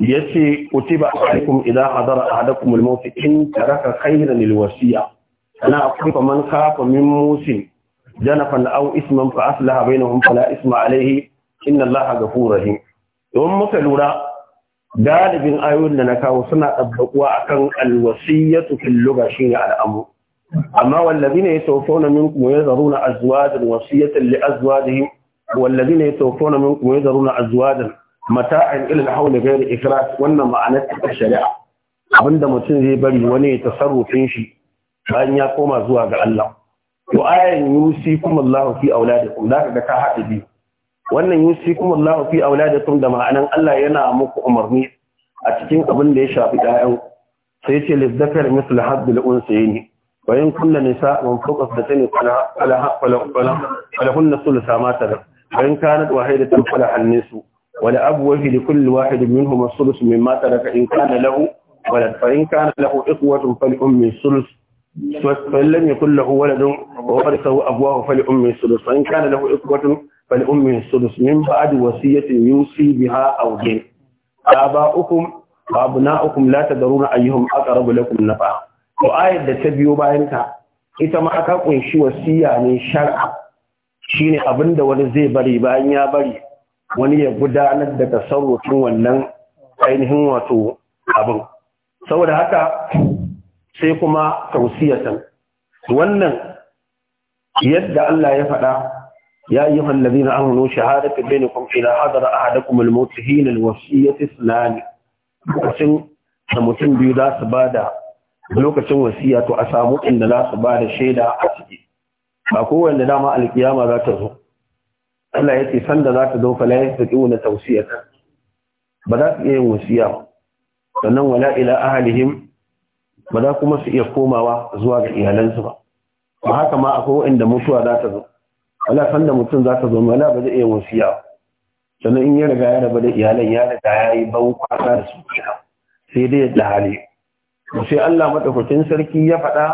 yace kutiba alaikum idza hadara ahadakum al-maut in taraka khayran lil-wasiya ana akum man khafa min musin janafan aw isman fa aslaha bainahum fala isma alayhi inna Allaha ghafurur rahim don muka lura galibin ayoyin da na kawo suna ɗabbaƙuwa akan alwasiyatu fil lugha shine al'amu amma ya na wallazina yatawaffawna ya wa na azwajan wasiyatan li azwajihim wallazina yatawaffawna minkum wa yazaruna azwajan mata'an ila al-hawli ghayr ikrat wannan ma'anar ta shari'a abinda mutum zai bari wani ya tasarrufin shi bayan ya koma zuwa ga Allah to ayan yusikum Allahu fi auladikum da ka ta haɗe biyu wannan yusikum Allah fi auladikum da ma'anan Allah yana muku umarni a cikin abin da ya shafi ɗayan sai ce lizzakar mislu haddul unsayni bayan in nisa man fawqa thalathin fala fala fala fala hunna thulutha ma tarak wa in kanat wahidatan fala hannisu wa abwahi li kulli wahid minhum thuluth mimma taraka in kana lahu ولد فإن كان له إخوة فلأم الثلث فإن لم يكن له ولد وورثه أبواه فلأم الثلث فإن كان له إخوة فالأم السدس من بعد وصية يوصي بها أو دين آباؤكم وأبناؤكم لا تدرون أيهم أقرب لكم نفعا وآية da ta biyo bayan ta ita ma aka kunshi wasiya ne shar'a shine abin da wani zai bari bayan ya bari wani ya gudanar da tasarrufin wannan ainihin wato abin saboda haka sai kuma tausiyatan wannan yadda Allah ya faɗa يا أيها الذين آمنوا شهادة بينكم إذا حضر أحدكم الموت حين الوصية اثنان lokacin da mutum biyu za su ba da lokacin wasiya to a samu inda za su ba da shaida a ciki ba kowanne dama alkiyama za ta zo Allah ya ce sanda za ta zo fa la yastati'u na tawsiyata ba za su iya yin ba ila ba za kuma su iya komawa zuwa ga iyalansu ba ba haka ma akwai wanda mutuwa za ta zo wala sanda da mutum za ka zo wala ba zai iya wasiya sannan in ya riga ya raba da iyalan ya riga ya yi ban kwasa da su sai dai da hali sai Allah madaukakin sarki ya faɗa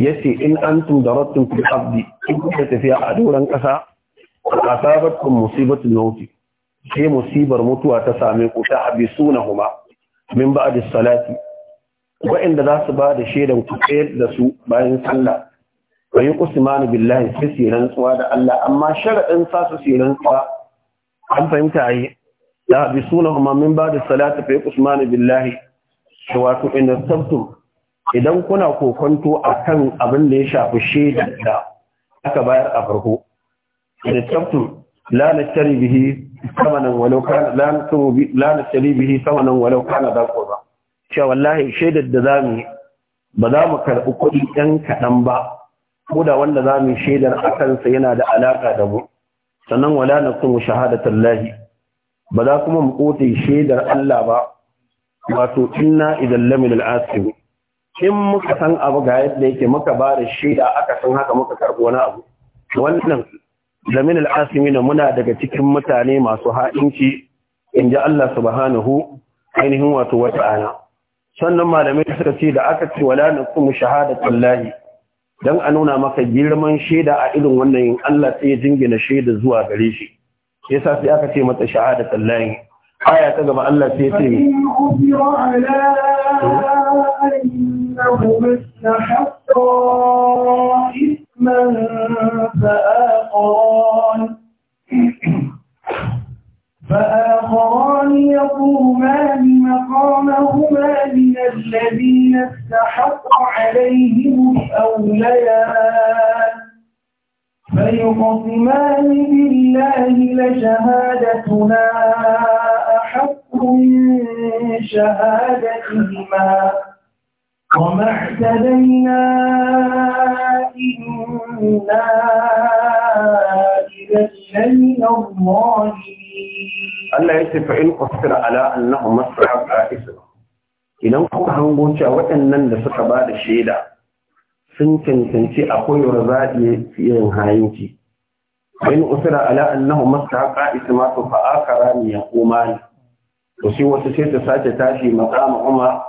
ya ce in antum darattum fil abdi in kuka tafiya a doron ƙasa asabatkum musibatun maut sai musibar mutuwa ta same ku ta Huma, min ba'd salati wa'inda za su ba da shaidan ku tsayar da su bayan sallah wa yi kusurmanu billahi sai su rantsuwa da Allah amma sharaɗin sa su su rantsuwa an fahimta yi da bi suna kuma min ba da salatu fa yi kusurmanu billahi da wato inda sabtum idan kuna kokonto a kan abin da ya shafi shaida da aka bayar a farko da sabtum la na tari bihi samanan walau kana la na tari bihi samanan da ko ba cewa wallahi shaidar da zamu ba za mu karɓi kuɗi ɗan kaɗan ba ko wanda za mu shaidar a kansa yana da alaka da mu sannan wala na kuma shahadatan lahi ba za kuma mu kote shaidar Allah ba wato inna idan lamin al'asir in muka san abu ga yadda yake muka ba da shaida aka san haka muka karɓi wani abu wannan lamin al'asimi na muna daga cikin mutane masu ha'inci in ji Allah subhanahu ainihin wato Ana." sannan malamai suka ce da aka ce wala na kuma shahadatan lahi dan a nuna maka girman shaida a irin wannan yin Allah sai ya jingina shaida zuwa gare shi yasa sai aka ce mata shahadatan lahi aya ta gaba Allah sai ya ce فآخران يقومان hmm? مقامهما من الذين استحق عليهم الأولياء فيقسمان بالله لشهادتنا أحق من شهادتهما وما اعتدينا إنا إذا لمن الظالمين Allah ya ce fa in qasira ala annahu masra'a isma idan kuma hango cewa waɗannan da suka ba da shaida sun cancanci akwai razadi yin hayinci in usira ala annahu ma to fa akara ni yaqumani to shi wasu sai ta sace tashi maqama umar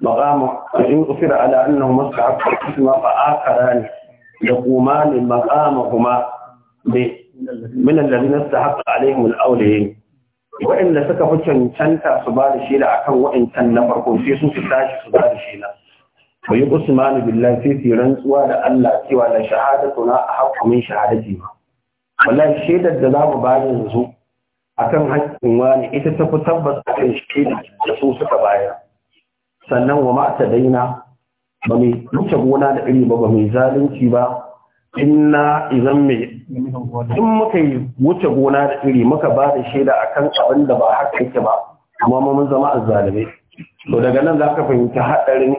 ma fa akara ni ya kuma ni makama kuma مقامهما min alladhina istahaqqa alaihim al-awliyin Waɗanda suka fi cancanta su ba da shela akan wa'incan na farko sai su su tashi su ba da shela bai usmanu billahi sai su rantsuwa da Allah cewa la shahadatuna ahqqu min shahadati ma wallahi shaidar da zamu bayar yanzu akan haƙƙin wani ita ta fi tabbas akan shaidar da su suka bayar sannan wa ma ta daina ba mai wuce gona da iri ba ba mai zalunci ba inna in muka yi wuce gona da iri muka ba da shaida a kan abin da ba haka yake ba kuma mun zama azzalibai to daga nan za ka fahimci haɗarin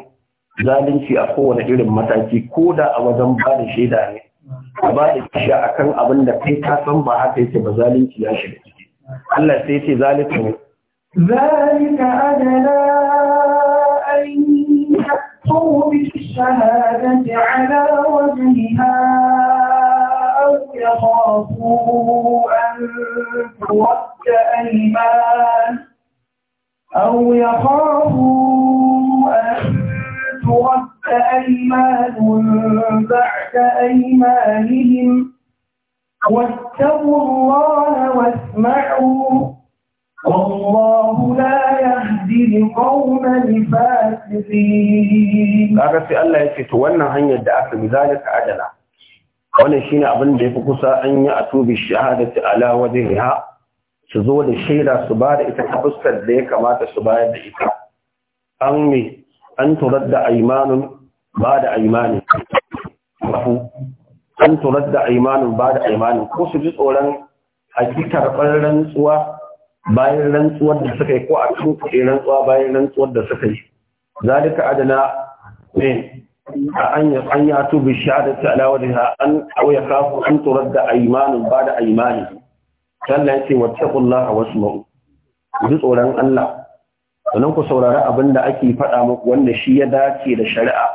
zalunci a kowane irin mataki ko da a wajen ba da shaida ne a ba da kisha kan abin da kai ka san ba haka yake ba zalunci ya shiga ciki Allah sai ce zalunci ne zalika adala ayyuka yaktubu bi shahadati ala wajhiha يخافوا أن ترد أيمان أو يخافوا أن ترد أيمان بعد أيمانهم واتقوا الله واسمعوا والله لا يهدي القوم الفاسقين. أعرف الله ألا يتولى هنيا الدعاء بذلك عدلا. wannan ne abin da ya fi kusa an yi a tubi ta ala ya su zo da shaida su ba da ita ta fuskar da ya kamata su bayar da ita an ne, an turar da aimanin ba da aimanin an turar da aimanin ba da aimanin ko su ji tsoron hakikar rantsuwa bayan rantsuwar da suka yi ko a cikin kuɗi rantsuwa bayan rantsuwar da suka yi zalika adana ne eh, أن يأتوا بالشهادة على وجهها أن أو يخافوا da ترد أيمان بعد أيمانه كلا يأتي واتقوا الله واسمعوا جزء لن الله sannan ku saurari abin da ake faɗa muku wanda shi ya dace da shari'a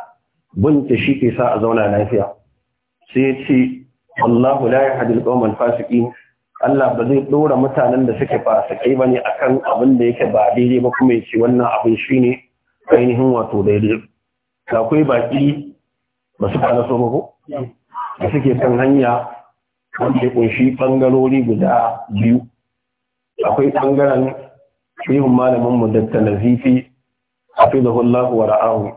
binta shi ke sa a zauna lafiya sai ce Allahu la yahdil qawmal fasiqin Allah ba zai ɗora mutanen da suke fasikai bane akan abin da yake ba daidai ba kuma ce wannan abin shine ainihin wato daidai akwai baki ba su fara so ko da suke kan hanya wanda ya kunshi bangarori guda biyu akwai bangaren shehun malamin mu dakta nazifi hafizahullahu wa ra'ahu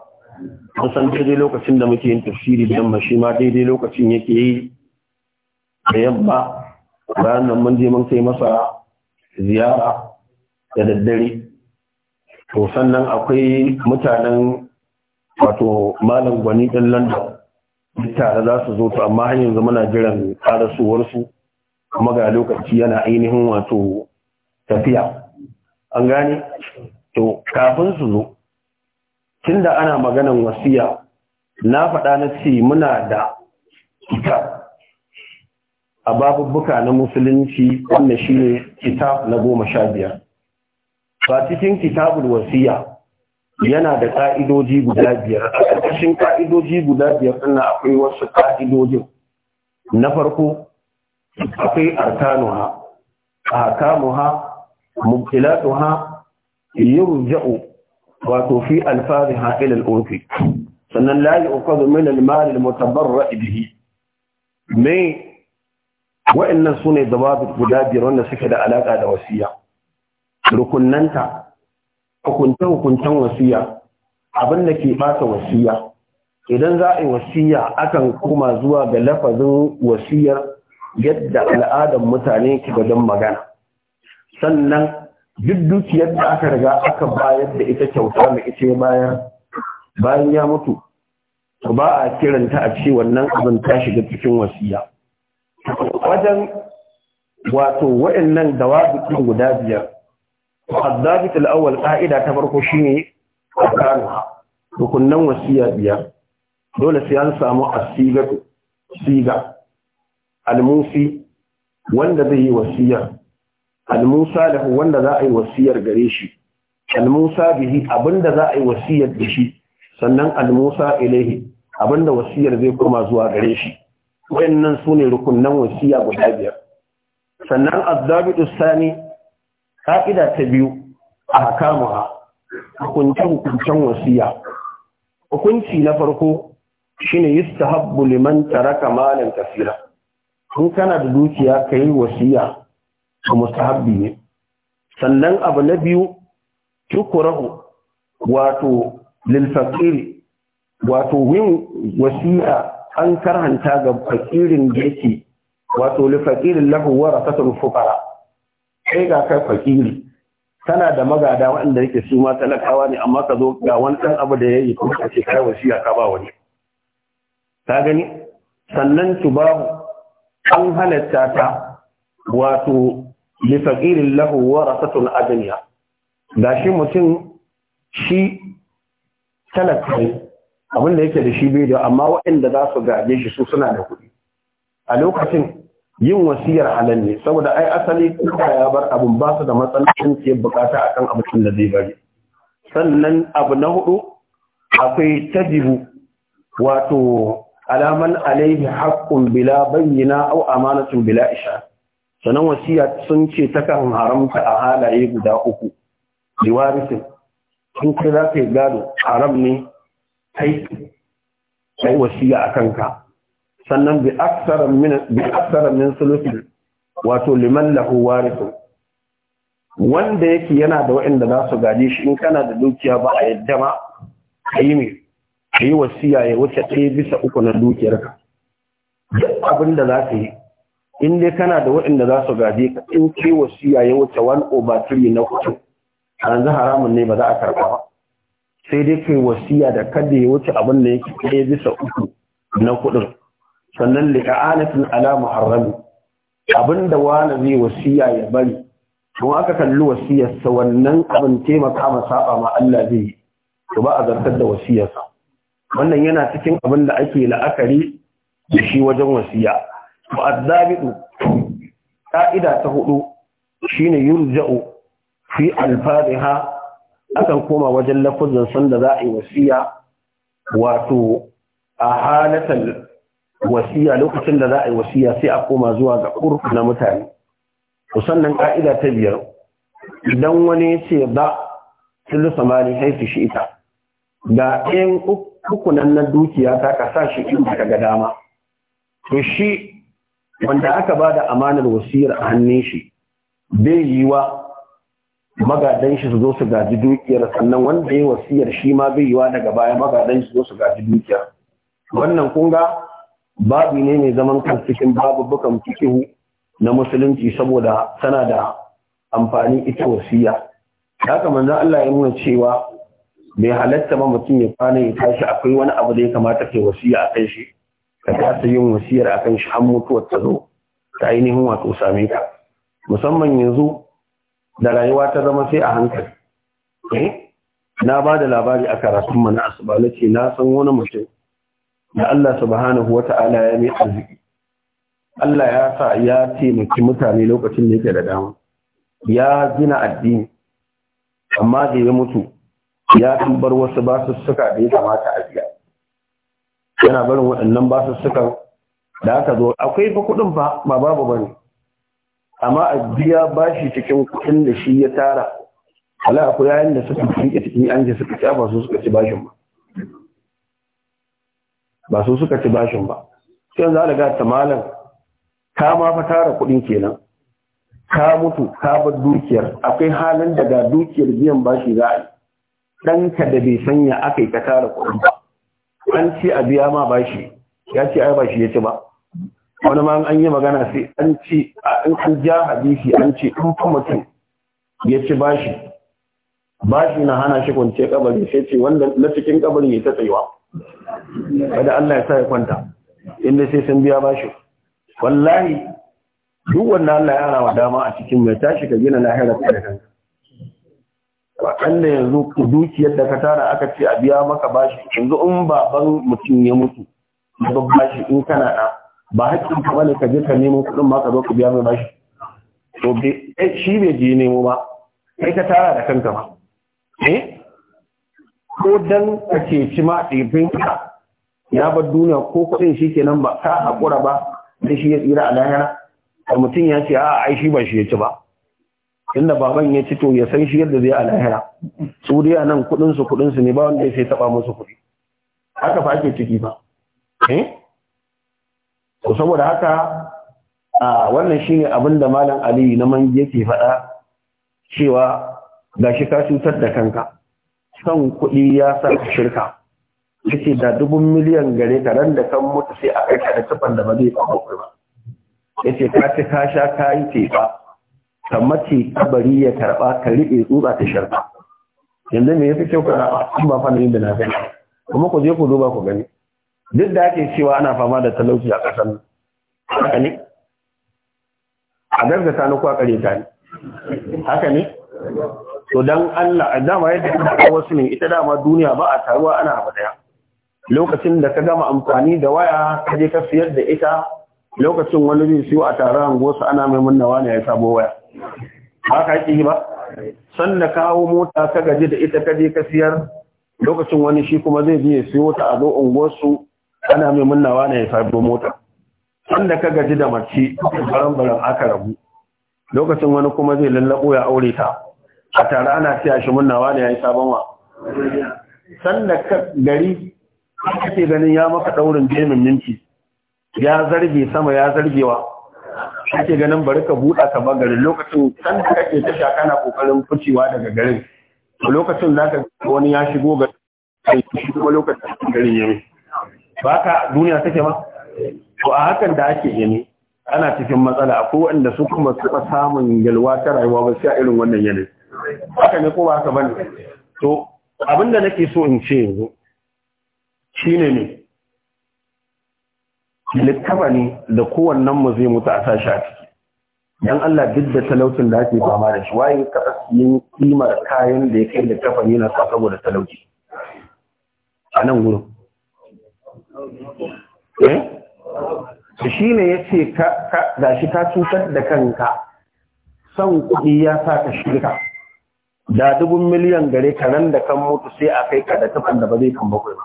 mun san daidai lokacin da muke yin tafsiri da yamma shi ma daidai lokacin yake yi da yamma bayan nan mun je mun kai masa ziyara da daddare to sannan akwai mutanen wato malam gwani ɗin london tare za su zo to amma har yanzu muna jiran karasuwarsu kuma ga lokaci yana ainihin wato tafiya an gane to kafin su zo tun da ana maganan wasiya na faɗa na ce muna da kitab a babubbuka na musulunci wannan shine kitab na goma sha biyar ba cikin kitabul wasiya yana da ka'idoji guda biyar a ƙarƙashin ka'idoji guda biyar ɗin akwai wasu ka'idojin na farko akwai arkanuha ha, mubtilatuha ja'o, wato fi alfaziha ha al-urfi sannan la yu'khadhu min al-mal al bihi me wa'annan sune dababit guda biyar wanda suke da alaka da wasiya rukunnanta hukunce-hukuncen wasiya abin da ke ɓata wasiya idan za a yi wasiya akan koma zuwa ga lafazin wasiyar yadda al'adar mutane ke gudun magana sannan duk dukiyar da aka riga aka bayar da ita kyauta mai ita bayan bayan ya mutu to ba a kiranta a ce wannan abin ta shiga cikin wasiya wajen wato waɗannan dawabikin guda biyar الضابط الأول ta farko shine أركانها rukunnan wasiya biyar dole sai an samu asigatu siga almusi wanda zai yi wasiyar almusa lahu wanda za a yi wasiyar gare shi almusa bihi abinda za a yi wasiyar da shi sannan almusa ilaihi abinda wasiyar zai koma zuwa gare shi wayannan sune rukunnan wasiya guda biyar sannan azzabitu sani ka'ida ta biyu a kama hukuncin hukuncen wasiya hukunci na farko shine yustahabbu liman tara malan tafira tun kana da dukiya ka yi wasiya to mustahabbi ne sannan abu na biyu tukurahu wato lilfakiri wato yin wasiya an karhanta ga fakirin da yake wato lilfakirin fakirin a warasatul fukara kai ga kai fakiri tana da magada waɗanda yake su ma talakawa ne amma ka zo ga wani dan abu da ya yi kuma kai wasiya ka ba wani ta gani sannan ba an halatta ta wato li faqirin lahu warasatul adniya gashi mutum shi talakai abin da yake da shi bai da amma waɗanda za su gaje shi su suna da kuɗi a lokacin yin wasiyar halal ne saboda ai asali kuma ya bar abun ba su da matsalolin ke bukata akan abincin da zai bari sannan abu na hudu akwai tajibu wato alaman alaihi haƙƙun bila bayyana au amanatun bila isha sanan wasiya sun ce ta kan haramta a halaye guda uku liwarisin sun kai za ka yi gado haram ne kai kai wasiya a ka sannan bi aksara min bi aksara min sulusi wato liman lahu warith wanda yake yana da waɗanda za su gaje shi in kana da dukiya ba a yadda ma kai me kai wasiya ya wuce ɗaya bisa uku na dukiyarka duk abin da za ka yi in dai kana da waɗanda za su gaje ka in kai wasiya ya wuce wan over three na hutu yanzu haramun ne ba za a karɓa ba sai dai kai wasiya da kada ya wuce abin da yake ɗaya bisa uku na kuɗin sannan li'anatin ala muharrami da wani zai wasiya ya bari kuma aka kalli wasiyarsa wannan abin taimaka ma saba ma Allah zai to ba a zartar da wasiyarsa wannan yana cikin abin da ake la'akari da shi wajen wasiya to adzabidu ƙa'ida ta hudu shine yurja'u fi al-fatiha akan koma wajen lafazin sanda za a yi wasiya wato a halatal wasiya lokacin da za a yi wasiya sai a koma zuwa ga ƙurku na mutane sannan ƙa'ida ta biyar idan wani ya ce ba tilu samani haifi shi ita da ɗayan ukunan na dukiya ta ka sa shi inda ka ga dama to shi wanda aka ba da amanar wasiyar a hannun shi bai yi wa magadan shi su zo su gaji dukiyar sannan wanda ya yi wasiyar shi ma bai yi wa daga baya magadan shi zo su gaji dukiyar wannan kunga babi ne mai zaman kan cikin bukan fikihu na musulunci saboda tana da amfani ita wasiya haka manzon Allah ya nuna cewa bai halatta ba mutum ya kwana ya tashi akwai wani abu da ya kamata kai wasiya a kan shi ka kasa yin wasiyar a kan shi har mutuwar ta zo ta ainihin wato same ka musamman yanzu da rayuwa ta zama sai a hankali eh? na ba da labari a karatun mana asuba na ce na san wani mutum da Allah subhanahu wa ta'ala ya mai arziki Allah ya sa ya taimaki mutane lokacin da yake da dama ya gina addini amma da ya mutu ya bar wasu basussuka da ya kamata a biya yana barin waɗannan basussukan da aka zo akwai fa kuɗin ba ba babu ne, amma a biya bashi cikin kuɗin da shi ya tara ala ku yayin da suka fi cikin an ji suka ci su suka ci bashin ba ba su suka ci bashin ba sai yanzu ala ga ta malam ka ma fa tara kuɗin kenan ka mutu ka bar dukiyar akwai halin da ga dukiyar biyan bashi za a yi ɗanka da bai sanya aka yi ka tara kuɗin ba an ce a biya ma bashi ya ce ai bashi ya ci ba wani ma an yi magana sai an ce an ja hadisi an ce in fa mutum ya ci bashi bashi na hana shi kwance kabari sai ce wanda na cikin kabari ya ta tsayuwa kada Allah ya sa ya kwanta inda sai sun biya bashi wallahi duk wanda Allah ya arawa dama a cikin mai tashi ka gina lahirar ka da kanka waɗanda yanzu dukiyar da ka tara aka ce a biya maka bashi yanzu in baban mutum ya mutu babban bashi in kana da ba hakkin ka bane ka je ka nemo kuɗin ma ka zo ka biya mai bashi to eh, shi bai je nemo ba kai ka tara da kanka ba eh ko dan a ka ci ma ɗifin ka ya bar duniya ko kuɗin shi ke nan ba ka haƙura ba da shi ya tsira a lahira da mutum ya ce a ai shi ba shi ya ci ba inda baban ya ci to ya san shi yadda zai a lahira su dai a nan kuɗinsu kuɗinsu ne ba wanda ya sai taɓa musu kuɗi haka fa ake ciki ba eh to saboda haka a wannan shine abin da malam aliyu na mangi yake faɗa cewa gashi ka cutar da kanka son kuɗi ya sa shirka yace da dubun miliyan gare ka nan da kan mutu sai a aika da tufan da ba zai samu ba ce ka ci ka sha ka yi tefa ka mace kabari ya karba ka riɓe tsutsa ta shirka yanzu me yafi kyau ka ba an ba fanarin da na gani kuma ku je ku duba ku gani duk da ake cewa ana fama da talauci a ƙasar nan haka ne a gargata ni ko a ƙarya ta ne haka ne to dan Allah a dama yadda kuma dawo wasu ne ita dama duniya ba a taruwa ana abu daya lokacin da ka gama amfani da waya ka je ka siyar da ita lokacin wani zai siyo a taron gosu ana mai munna wani ya sabo waya ba ka yi ba sanda kawo mota ka gaji da ita ka je ka siyar lokacin wani shi kuma zai je siyo ta a zo unguwarsu ana mai munna wani ya sabo mota sanda ka gaji da mace baran baran aka rabu lokacin wani kuma zai lallabo ya aure ta a tare ana siya shi munnawa ne ya yi sabon wa sanda gari kake ganin ya maka daurin jemin minti ya zarge sama ya zargewa kake ganin bari ka buɗa ka gari. lokacin sanda kake tasha kana kokarin ficewa daga garin lokacin za ka wani ya shigo ga kuma lokacin garin yi. ba ka duniya take ma to a hakan da ake yami ana cikin matsala akwai waɗanda su kuma suka samun yalwa ta rayuwa ba sai a irin wannan yanayi haka ne ko haka bane to abinda nake so in ce yanzu shine ne littafa ne da kowannan mu zai mutu a sashi a ciki dan Allah duk da talaucin da ake fama da shi waye ka yin kimar kayan da ya kai littafa ne na saboda talauci a nan gudun. eh shi ne ya ce ka shi ka cutar da kanka son kuɗi ya sa ka shirka da dubun miliyan gare ka nan da kan mutu sai a kai ka da tafan da ba zai kan bakwai ba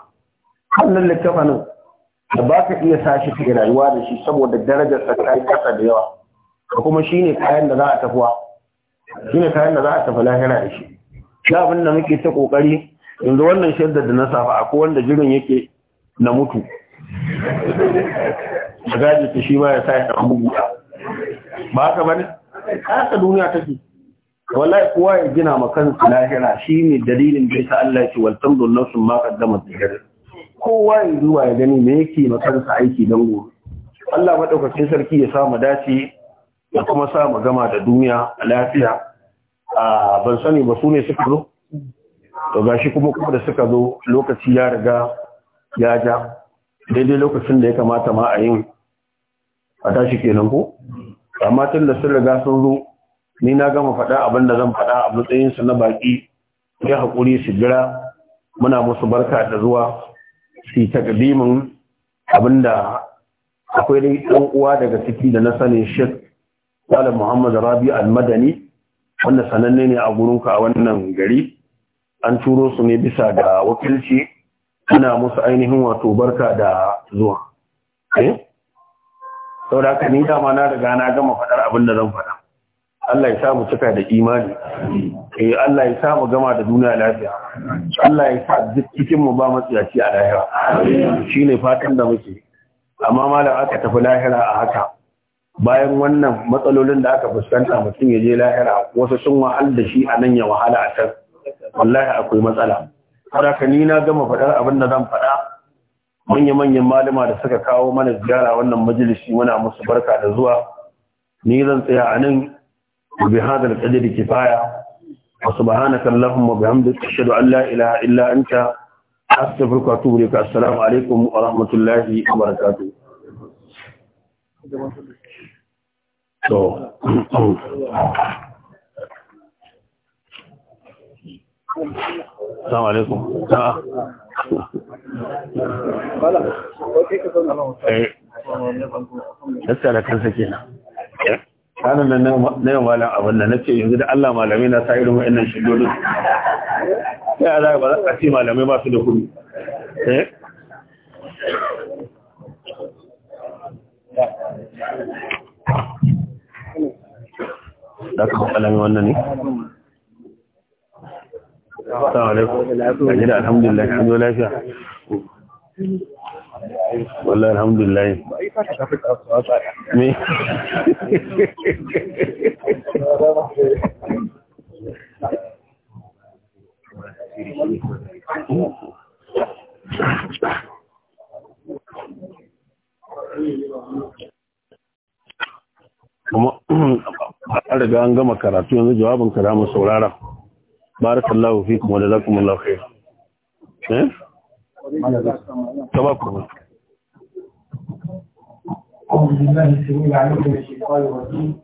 Hannun littafanin da ba ka iya sa shi kai rayuwa da shi saboda darajar sa ta kasa da yawa da kuma ne kayan da za a shi ne kayan da za a tafi lahira da shi shi abin da muke ta ƙoƙari, yanzu wannan shaidar da na safa akwai wanda jirin yake na mutu da gaji ta shi ma ya sa ya ɗan bugu ba ka bane ta duniya take wallahi kowa ya gina ma kansa lahira ne dalilin da yasa Allah ya ce wal tamdu nafsun ma qaddamat kowa ya zuwa ya gani me yake ma kansa aiki dan gobe Allah madaukakin sarki ya samu dace ya kuma samu gama da duniya a lafiya a ban sani ba su ne suka zo to gashi kuma kuma da suka zo lokaci ya riga ya ja daidai lokacin da ya kamata ma a yin a tashi kenan ko amma tun da sun riga sun zo ni na gama faɗa abin da zan faɗa a matsayinsu na baƙi ya haƙuri su jira muna musu barka da zuwa su takdimin abin da akwai dai ɗan uwa daga ciki da na sani shek Malam Muhammad Rabi Al-Madani wanda sananne ne a gurinka a wannan gari an turo su ne bisa da wakilci ana musu ainihin wato barka da zuwa. Eh? Saboda haka ni dama na riga na gama faɗar abin da zan faɗa. Allah ya samu cika da imani eh Allah ya samu gama da duniya lafiya Allah ya sa duk cikin mu ba matsiyaci a lahira shine fatan da muke amma malam aka tafi lahira a haka bayan wannan matsalolin da aka fuskanta mutum ya je lahira wasu sun wahal da shi a nan ya wahala a can wallahi akwai matsala haka ni na gama faɗar abin da zan faɗa manya-manyan malama da suka kawo mana ziyara wannan majalisi muna musu barka da zuwa ni zan tsaya a nan وبهذا القدر كفاية وسبحانك اللهم وبحمدك أشهد أن لا إله إلا أنت أستغفرك وأتوب إليك السلام عليكم ورحمة الله وبركاته. السلام عليكم آه. لا اسألك إيه. عن سكينة إيه؟ ranar nan na yau malam abin da na ce yanzu da Allah malamai na sa irin wa'annan shigolin sai a za a ce malamai ba su da kuri da eh? aka malamai wannan ne Assalamu alaikum. Ajiyar alhamdulillah, an zo lafiya. wallahi alhamdulillah me kuma an riga an gama karatu yanzu jawabin ka da mu saurara barakallahu fikum wa jazakumullahu khair eh توكل أعوذ بالله السميع العليم من الشيطان الرجيم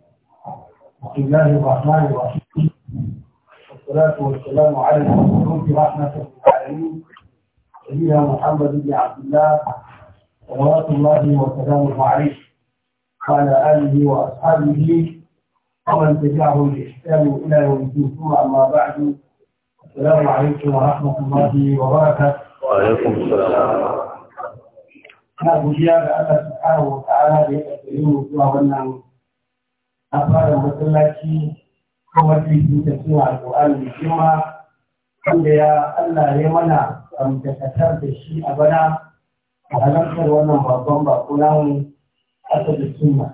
بسم الله الرحمن الرحيم والصلاة والسلام على المبعوث رحمة للعالمين سيدنا محمد بن عبد الله صلوات الله وسلامه عليه وعلى آله وأصحابه ومن تبعه بإحسان إلى يوم الدين ثم أما بعد السلام عليكم ورحمة الله وبركاته وعليكم السلام ana godiya ga Allah subhanahu wa ta'ala da ya kaddare mu zuwa wannan afarin masallaci ko wani da cewa alƙur'ani mai girma wanda ya Allah ya mana amtakatar da shi a bana a halartar wannan babban bako namu da suna.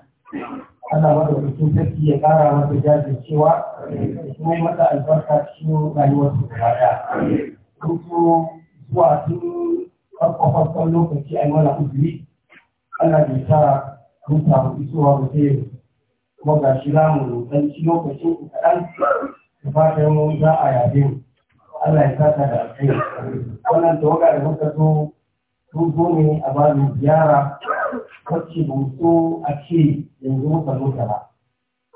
Allah maka rubutun sarki ya ƙara masa jajircewa da kuma yi masa albarka cikin rayuwarsa gaba ɗaya. Rubutu zuwa tun farko-farkon lokaci a yi mana uzuri ana da sa mun samu isowa mu sai kuma ga shi za mu lokacin ku kaɗan da fatan mun za a yabe mu Allah ya saka da alkhairi wannan tawaga da muka so sun zo ne a babin ziyara wacce ba mu so a ce yanzu muka zo ta ba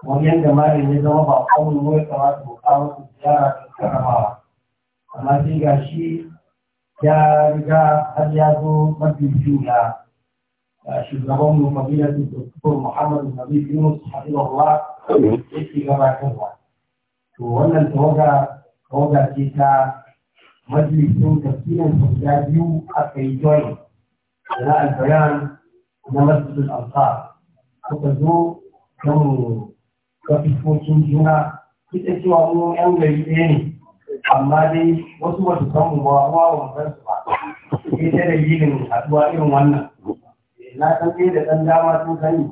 wani yadda malin ya zama ba kawai mu ya kamata mu kawo su ziyara ta karamawa amma sai ga shi ya riga har ya zo mafi juna shugaban mu fadilar doktor muhammad ruwa ya ke yake gabatarwa to wannan tawaga tawaga ce ta majalisun tafsirin guda biyu aka yi join da na albayan na masjidul alfa suka zo kan kafifocin juna ita cewa mu yan gari ɗaya ne amma dai wasu wasu samu ba kuma ba mu san su ba ke ta yinin haɗuwa irin wannan eh, na san dai da dan dama sun sani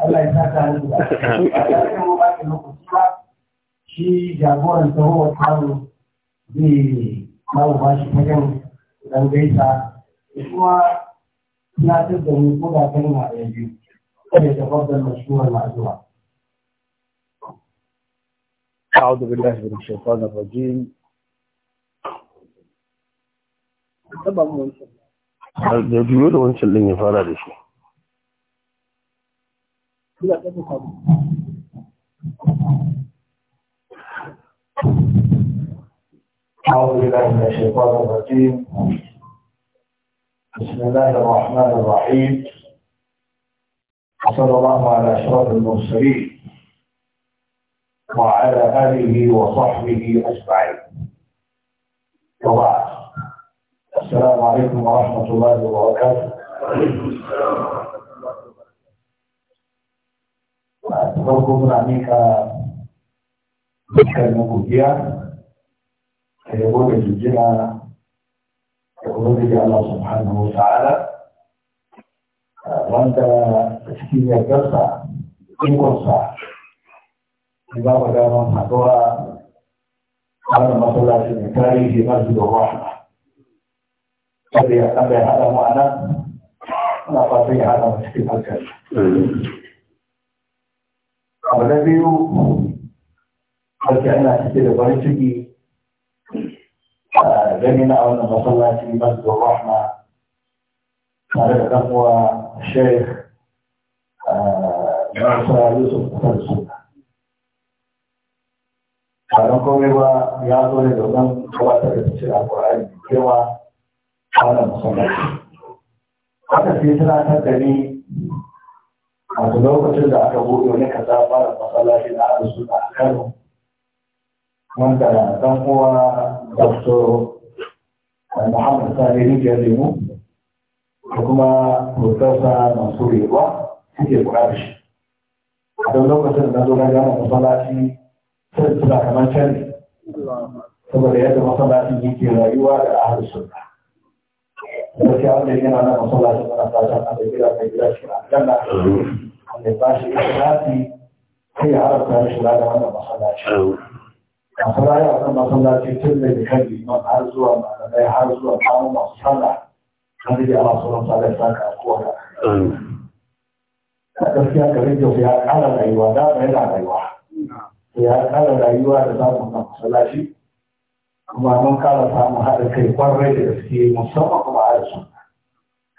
Allah ya saka ni da a mu ba lokaci ba shi jagoran taho wa tamu zai kawo ba shi fagen dan gaisa kuma na tattalin ko da kalma ɗaya biyu kada ta babban shuwar ma'azuwa. أعوذ بالله من الشيطان الرجيم da biyu da wancan ɗin ya fara لا أعوذ بالله من الشيطان الرجيم بسم الله الرحمن الرحيم وصلى الله على أشرف المرسلين وعلى آله وصحبه أجمعين. وبعد السلام عليكم ورحمة الله وبركاته. أترككم عنك بكلمة كبيرة في يقول الجنة يقول الله سبحانه وتعالى وأنت تشكي لي الجلسة إن كنت da ba mu damar haɗuwa a wannan masallaci mai tarihi masu da rahama kada ya kada ya haɗa mu a nan fatan ya haɗa mu cikin harkar abu na biyu harkar ana cike da farin ciki ah, gani na wannan masallaci masu da rahama tare da ɗan uwa sheikh Musa ah, Yusuf a ran komai ba ya zo ne domin gabatar da cikin alkur'ani yawa a wannan masallaci haka sai tunatar da ni a lokacin da aka buɗe wani kaza fara masallaci na abu suna a kano wanda dan uwa dr muhammad sani rijiyar lemu da kuma profesa masu rewa suke kula da shi a don lokacin da na zo na gama masallaci sun suna kamar can ne saboda yadda masallacin yake rayuwa da ahal sunna gaskiya wanda yana na masallacin mana sashen da gida mai gida shi a janna wanda ba shi ikirati sai ya harafta da shiga da wannan masallaci masu raya wannan masallaci tun da kan liman har zuwa malamai har zuwa kamun masu sallah har da ana sauran sallar saka a kowane a gaskiya garin jos ya kara rayuwa da yana rayuwa ya kara rayuwa da samun salashi, kuma mun kara samun haɗa kai kwarai da gaske musamman kuma a yasu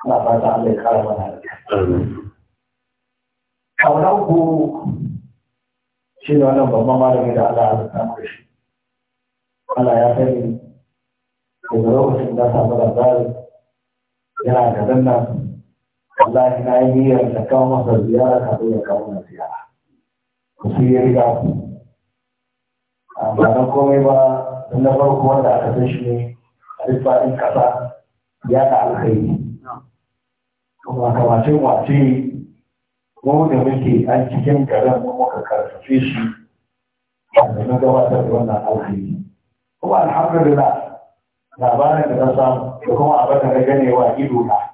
ana fata Allah ya kara mana da kaunar ku shi ne wannan babban malami da Allah ya samu da shi Allah ya sani ga lokacin da samu labarin yana da nan wallahi na yi niyyar da kawo masa ziyara kafin ya kawo na ziyara ba komai ba don na farko wanda aka san shi ne a duk faɗin ƙasa ya ka alkhairi kuma kamacin wace mu da muke an cikin garin muka karfafe shi da na gabatar da wannan alkhairi kuma alhamdulillah labarin da na samu da kuma abin da na ganewa ido na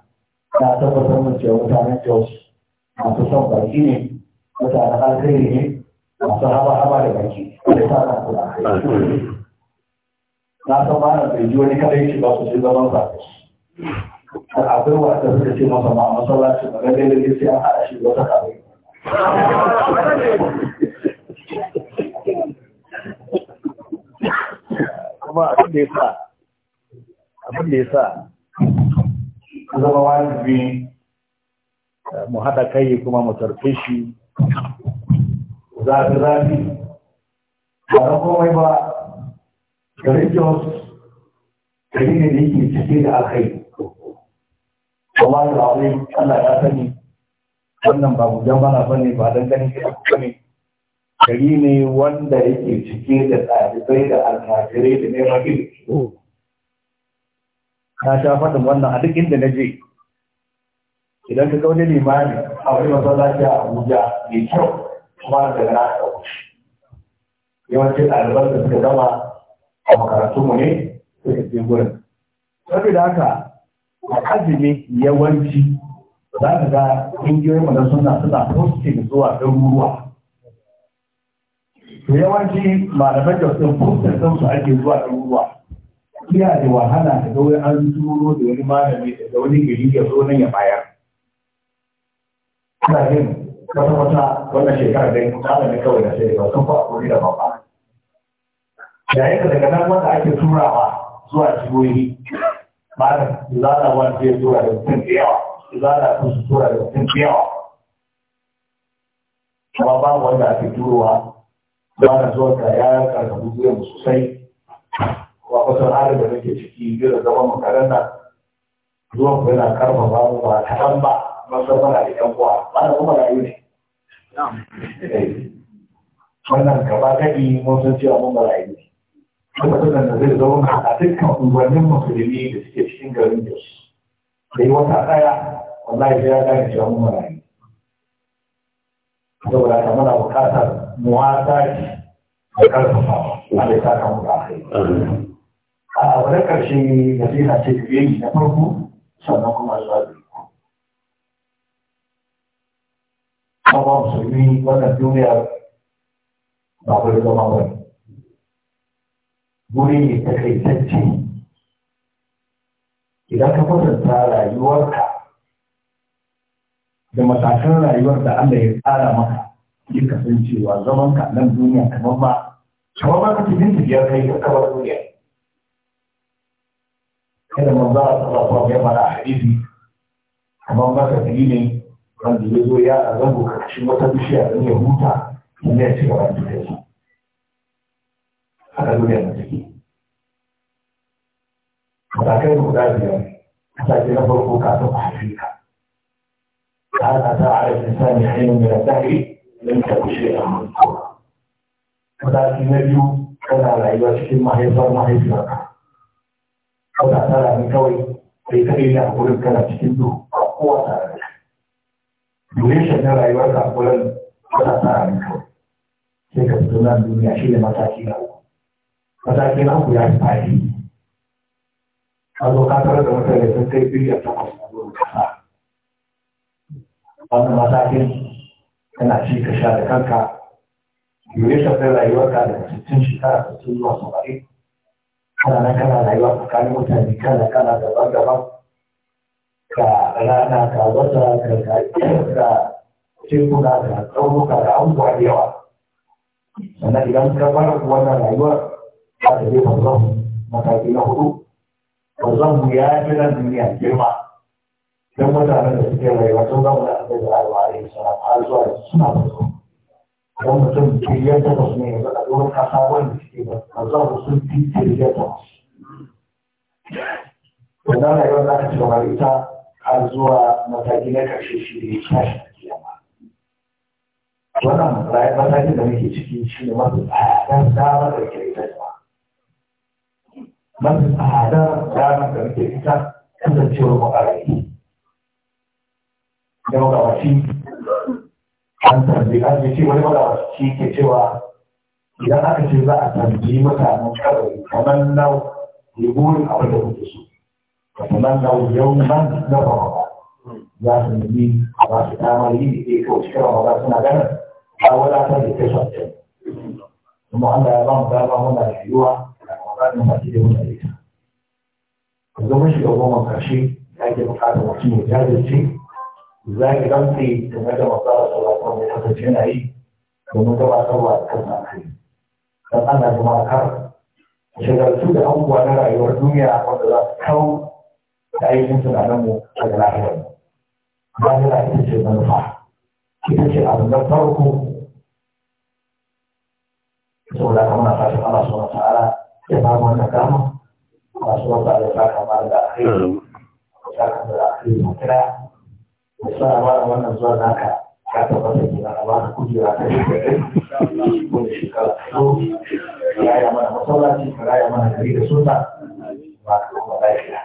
na tabbatar da cewa mutanen jos masu son baki ne mutanen alkhairi ne sahaba haba da baki da ta ta kula na san ba na ji wani kadai shi ba su ce zaman ba. akwai wata suka ce masa ma masallaci ba ganin da sai an haɗa shi wata kawai kuma abin da ya sa abin da ya sa zama wajibi mu haɗa kai kuma mu tarfe shi zafi-zafi ba na komai ba garin jos da yake cike da alkai kuma da wani allah ya sani wannan ba gujan bana ba ne ba don ganin kai ba ne gari ne wanda yake cike da ɗalibai da almajirai da neman ilimi na sha faɗin wannan a duk inda na je idan ka ga wani limami a wani masallaci a abuja mai kyau kuma da na aka wuce yawancin ɗaliban da suka zama a makarantunmu ne suka je gurin saboda haka a azumi yawanci za ka ga ƙungiyoyinmu na suna suna posting zuwa ɗaruruwa to yawanci malaman da sun posting sun su ake zuwa ɗaruruwa iya da wahala da ga an turo da wani malami da wani gari ya zo nan ya bayar. Ina jin wata wata wannan shekarar dai, yin tsada ne kawai da sai ba sun fa kuri da babba yayin da daga nan wanda ake turawa zuwa jihohi malam zana wani zai tura da mutum da yawa zana su su tura da mutum da yawa kuma ba wanda ake turowa na zuwa ka ya karkabu zuwa sosai wa kusan halin da nake ciki biyu da zaman makarar nan zuwa kuma yana karfafa mu ba kaɗan ba masar mana da ƴan uwa ba da kuma rayu ne Eh, wannan gaba kaɗi mun san cewa mun barayi ne da zai zauna a dukkan unguwannin musulmi da suke cikin garin jos da yi wata ɗaya wallahi ya gane cewa mun barayi saboda ka muna buƙatar muwata da karfafawa a da ta kamu da akai a wani ƙarshe nasiha ce da na farko sannan kuma zuwa biyu ọmọ mùsùlùmí lọ́nà tí ó rí àwọn bàbá ọmọ rẹ̀. Guri ne takaitacce. Idan ka kwatanta rayuwarka da matakan rayuwar da Allah ya tsara maka, yi kasancewa zamanka nan duniya kamar ba, kamar ba ka cikin biyar kai ka kabar duniya. Kada manzo a tsara ya fara a hadisi, kamar ba ka ne wanda ya zo ya a zango karkashin wata bishiya don ya huta sannan ya ci gaba da ta. tafiya haka duniya na ciki matakai guda biyar mataki na farko kafin a Afirka. ka ta haka ta a rikin sami hanyar mai rasari don ta kushe a mutuwa mataki na biyu kana rayuwa cikin mahaifar mahaifiyarka kawai ta rami kawai kai kaɗai ne a wurin kana cikin duhu a kowa tare domin shaɗin rayuwar ka kullum wata tsara ne kawai sai ka fito nan duniya shi ne mataki na uku mataki na uku ya fi fadi ka zo ka tarar da mutane sun kai biliyan takwas na gurin kasa wannan matakin yana ci ka sha da kanka domin shaɗin rayuwar ka daga sittin shekara sittin zuwa saba'in kana nan kana rayuwa tsakanin mutane kana kana daban-daban ka rana ka wata ka zaƙi ka cikuna, ka tsaunuka da abubuwa da yawa sannan idan ka bar wannan rayuwar za ta je barzan mataki na hudu barzan ya fi nan duniya girma don mutanen da suke rayuwa sun zama da abin da rayuwa a yi sana har zuwa suna barzan don mutum biliyan takwas ne yanzu a doron kasa wanda suke barzan sun fi biliyan takwas. Wannan rayuwar za ta ci gaba ita har zuwa mataki na ƙarshe shi ne tashi a kiyama wannan mataki da muke ciki shi ne mafi tsadar damar da ke ita jama Masu tsadar damar da muke ita kasancewar mu a rai da magawaci an tambi an ce wani magawaci ke cewa idan aka ce za a tambi mutanen ƙarfi kamar nau yi burin abin da kuke so فتمنوا اليوم من رمضان يا سيدي على ختام العيد في كوشك رمضان سنة جنة أولا تنكشف ثم أن أمام بابا هنا الحيوة رمضان المسجد هنا ليس إذا مش يوم كرشي لكن بقاعد مرسوم وجاهد شيء ازاي جنبي تمام مصدر صلاة الله حسن شنعي ومن تبع سوى كما أخير فأنا جماعة كرم شغلتوا لأول رأي والدنيا وقد لا تكون da aikin tunanin mu daga lahirar mu. Lahira ita ce manufa, ita ce abu na farko. Saboda haka muna fatan Allah subhanahu wa ta'ala ya ba mu wannan dama, Allah subhanahu wa ta'ala ya saka mu da alheri, ya saka mu da alheri mu kira, ya sa ma wannan zuwa naka ka tabbata ke na ba da kujera ta yi da ɗaya, ko da shekara ta zo, ya yi mana masallaci, ka raya mana gari da suna, ba ka kuma lafiya.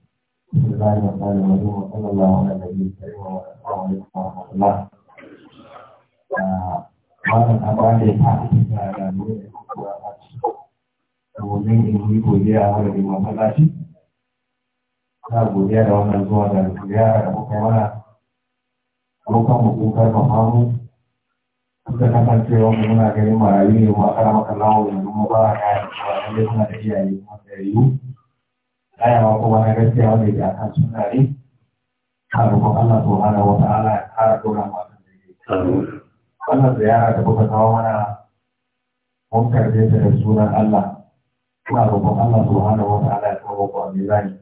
بسم الله الرحمن الرحيم وصلى الله على النبي الكريم والسلام عليكم ورحمه الله wannan abuwa da ta da damuwa da kuwa a ciki da wajen in yi godiya a wani masallaci ta godiya da wannan zuwa da ziyara da kuka mana abokan mu kokar ba famu kuka kasance wanda muna ganin marayu ne ma kara maka lawo yanzu mu ba a kayan da suna da iyaye kuma tsayayyu tsayawa kuma na gaskiya wanda ke akan suna ne kan rukun Allah to hana wata ala ya kara dora masu da wannan ziyara da kuka kawo mana mun karbe ta da sunan Allah ina roƙon Allah to hana wata ala ya kawo ku a mizani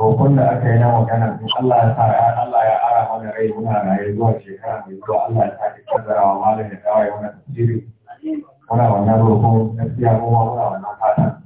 roƙon da aka yi na magana sun Allah ya sa Allah ya ara mana rai muna raye zuwa shekara mai zuwa Allah ya sake wa malam ya dawo ya wani tasiri muna wannan roƙon gaskiya kuma muna wannan fatan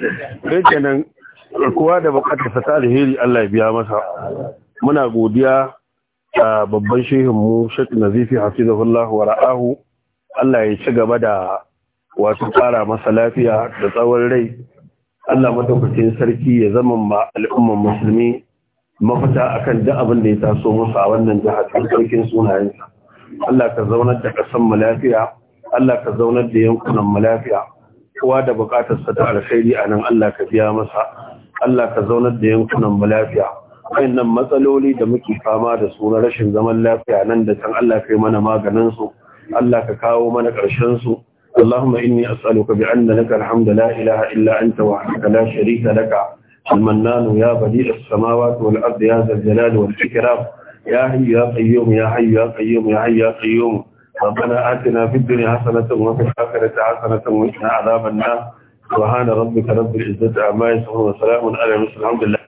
Sai kenan kowa da bukatarsa ta alheri Allah ya biya masa. Muna godiya a babban shehinmu Sheikh Nazifi Hafizahullah wa ra'ahu Allah ya ci gaba da wasu ƙara masa lafiya da tsawon rai. Allah madaukakin sarki ya zama ma al'umman musulmi mafita akan duk abin da ya taso musu a wannan jihar cikin sarkin sunayensa. Allah ka zaunar da kasan mu lafiya, Allah ka zaunar da yankunan mu lafiya. kowa da bukatarsa ta alkhairi a nan Allah ka biya masa Allah ka zaunar da yankunan mu lafiya nan, matsaloli da muke fama da su na rashin zaman lafiya nan da can Allah kai mana maganin su Allah ka kawo mana ƙarshen su اللهم إني أسألك بأن لك الحمد لا إله إلا أنت وحدك لا شريك لك المنان يا بديع السماوات والأرض يا ذا الجلال والإكرام يا حي يا قيوم يا حي يا قيوم يا حي يا قيوم ربنا آتنا في الدنيا حسنة وفي الآخرة حسنة وقنا عذاب النار سبحان ربك رب العزة عما يصفون وسلام على المرسلين الحمد لله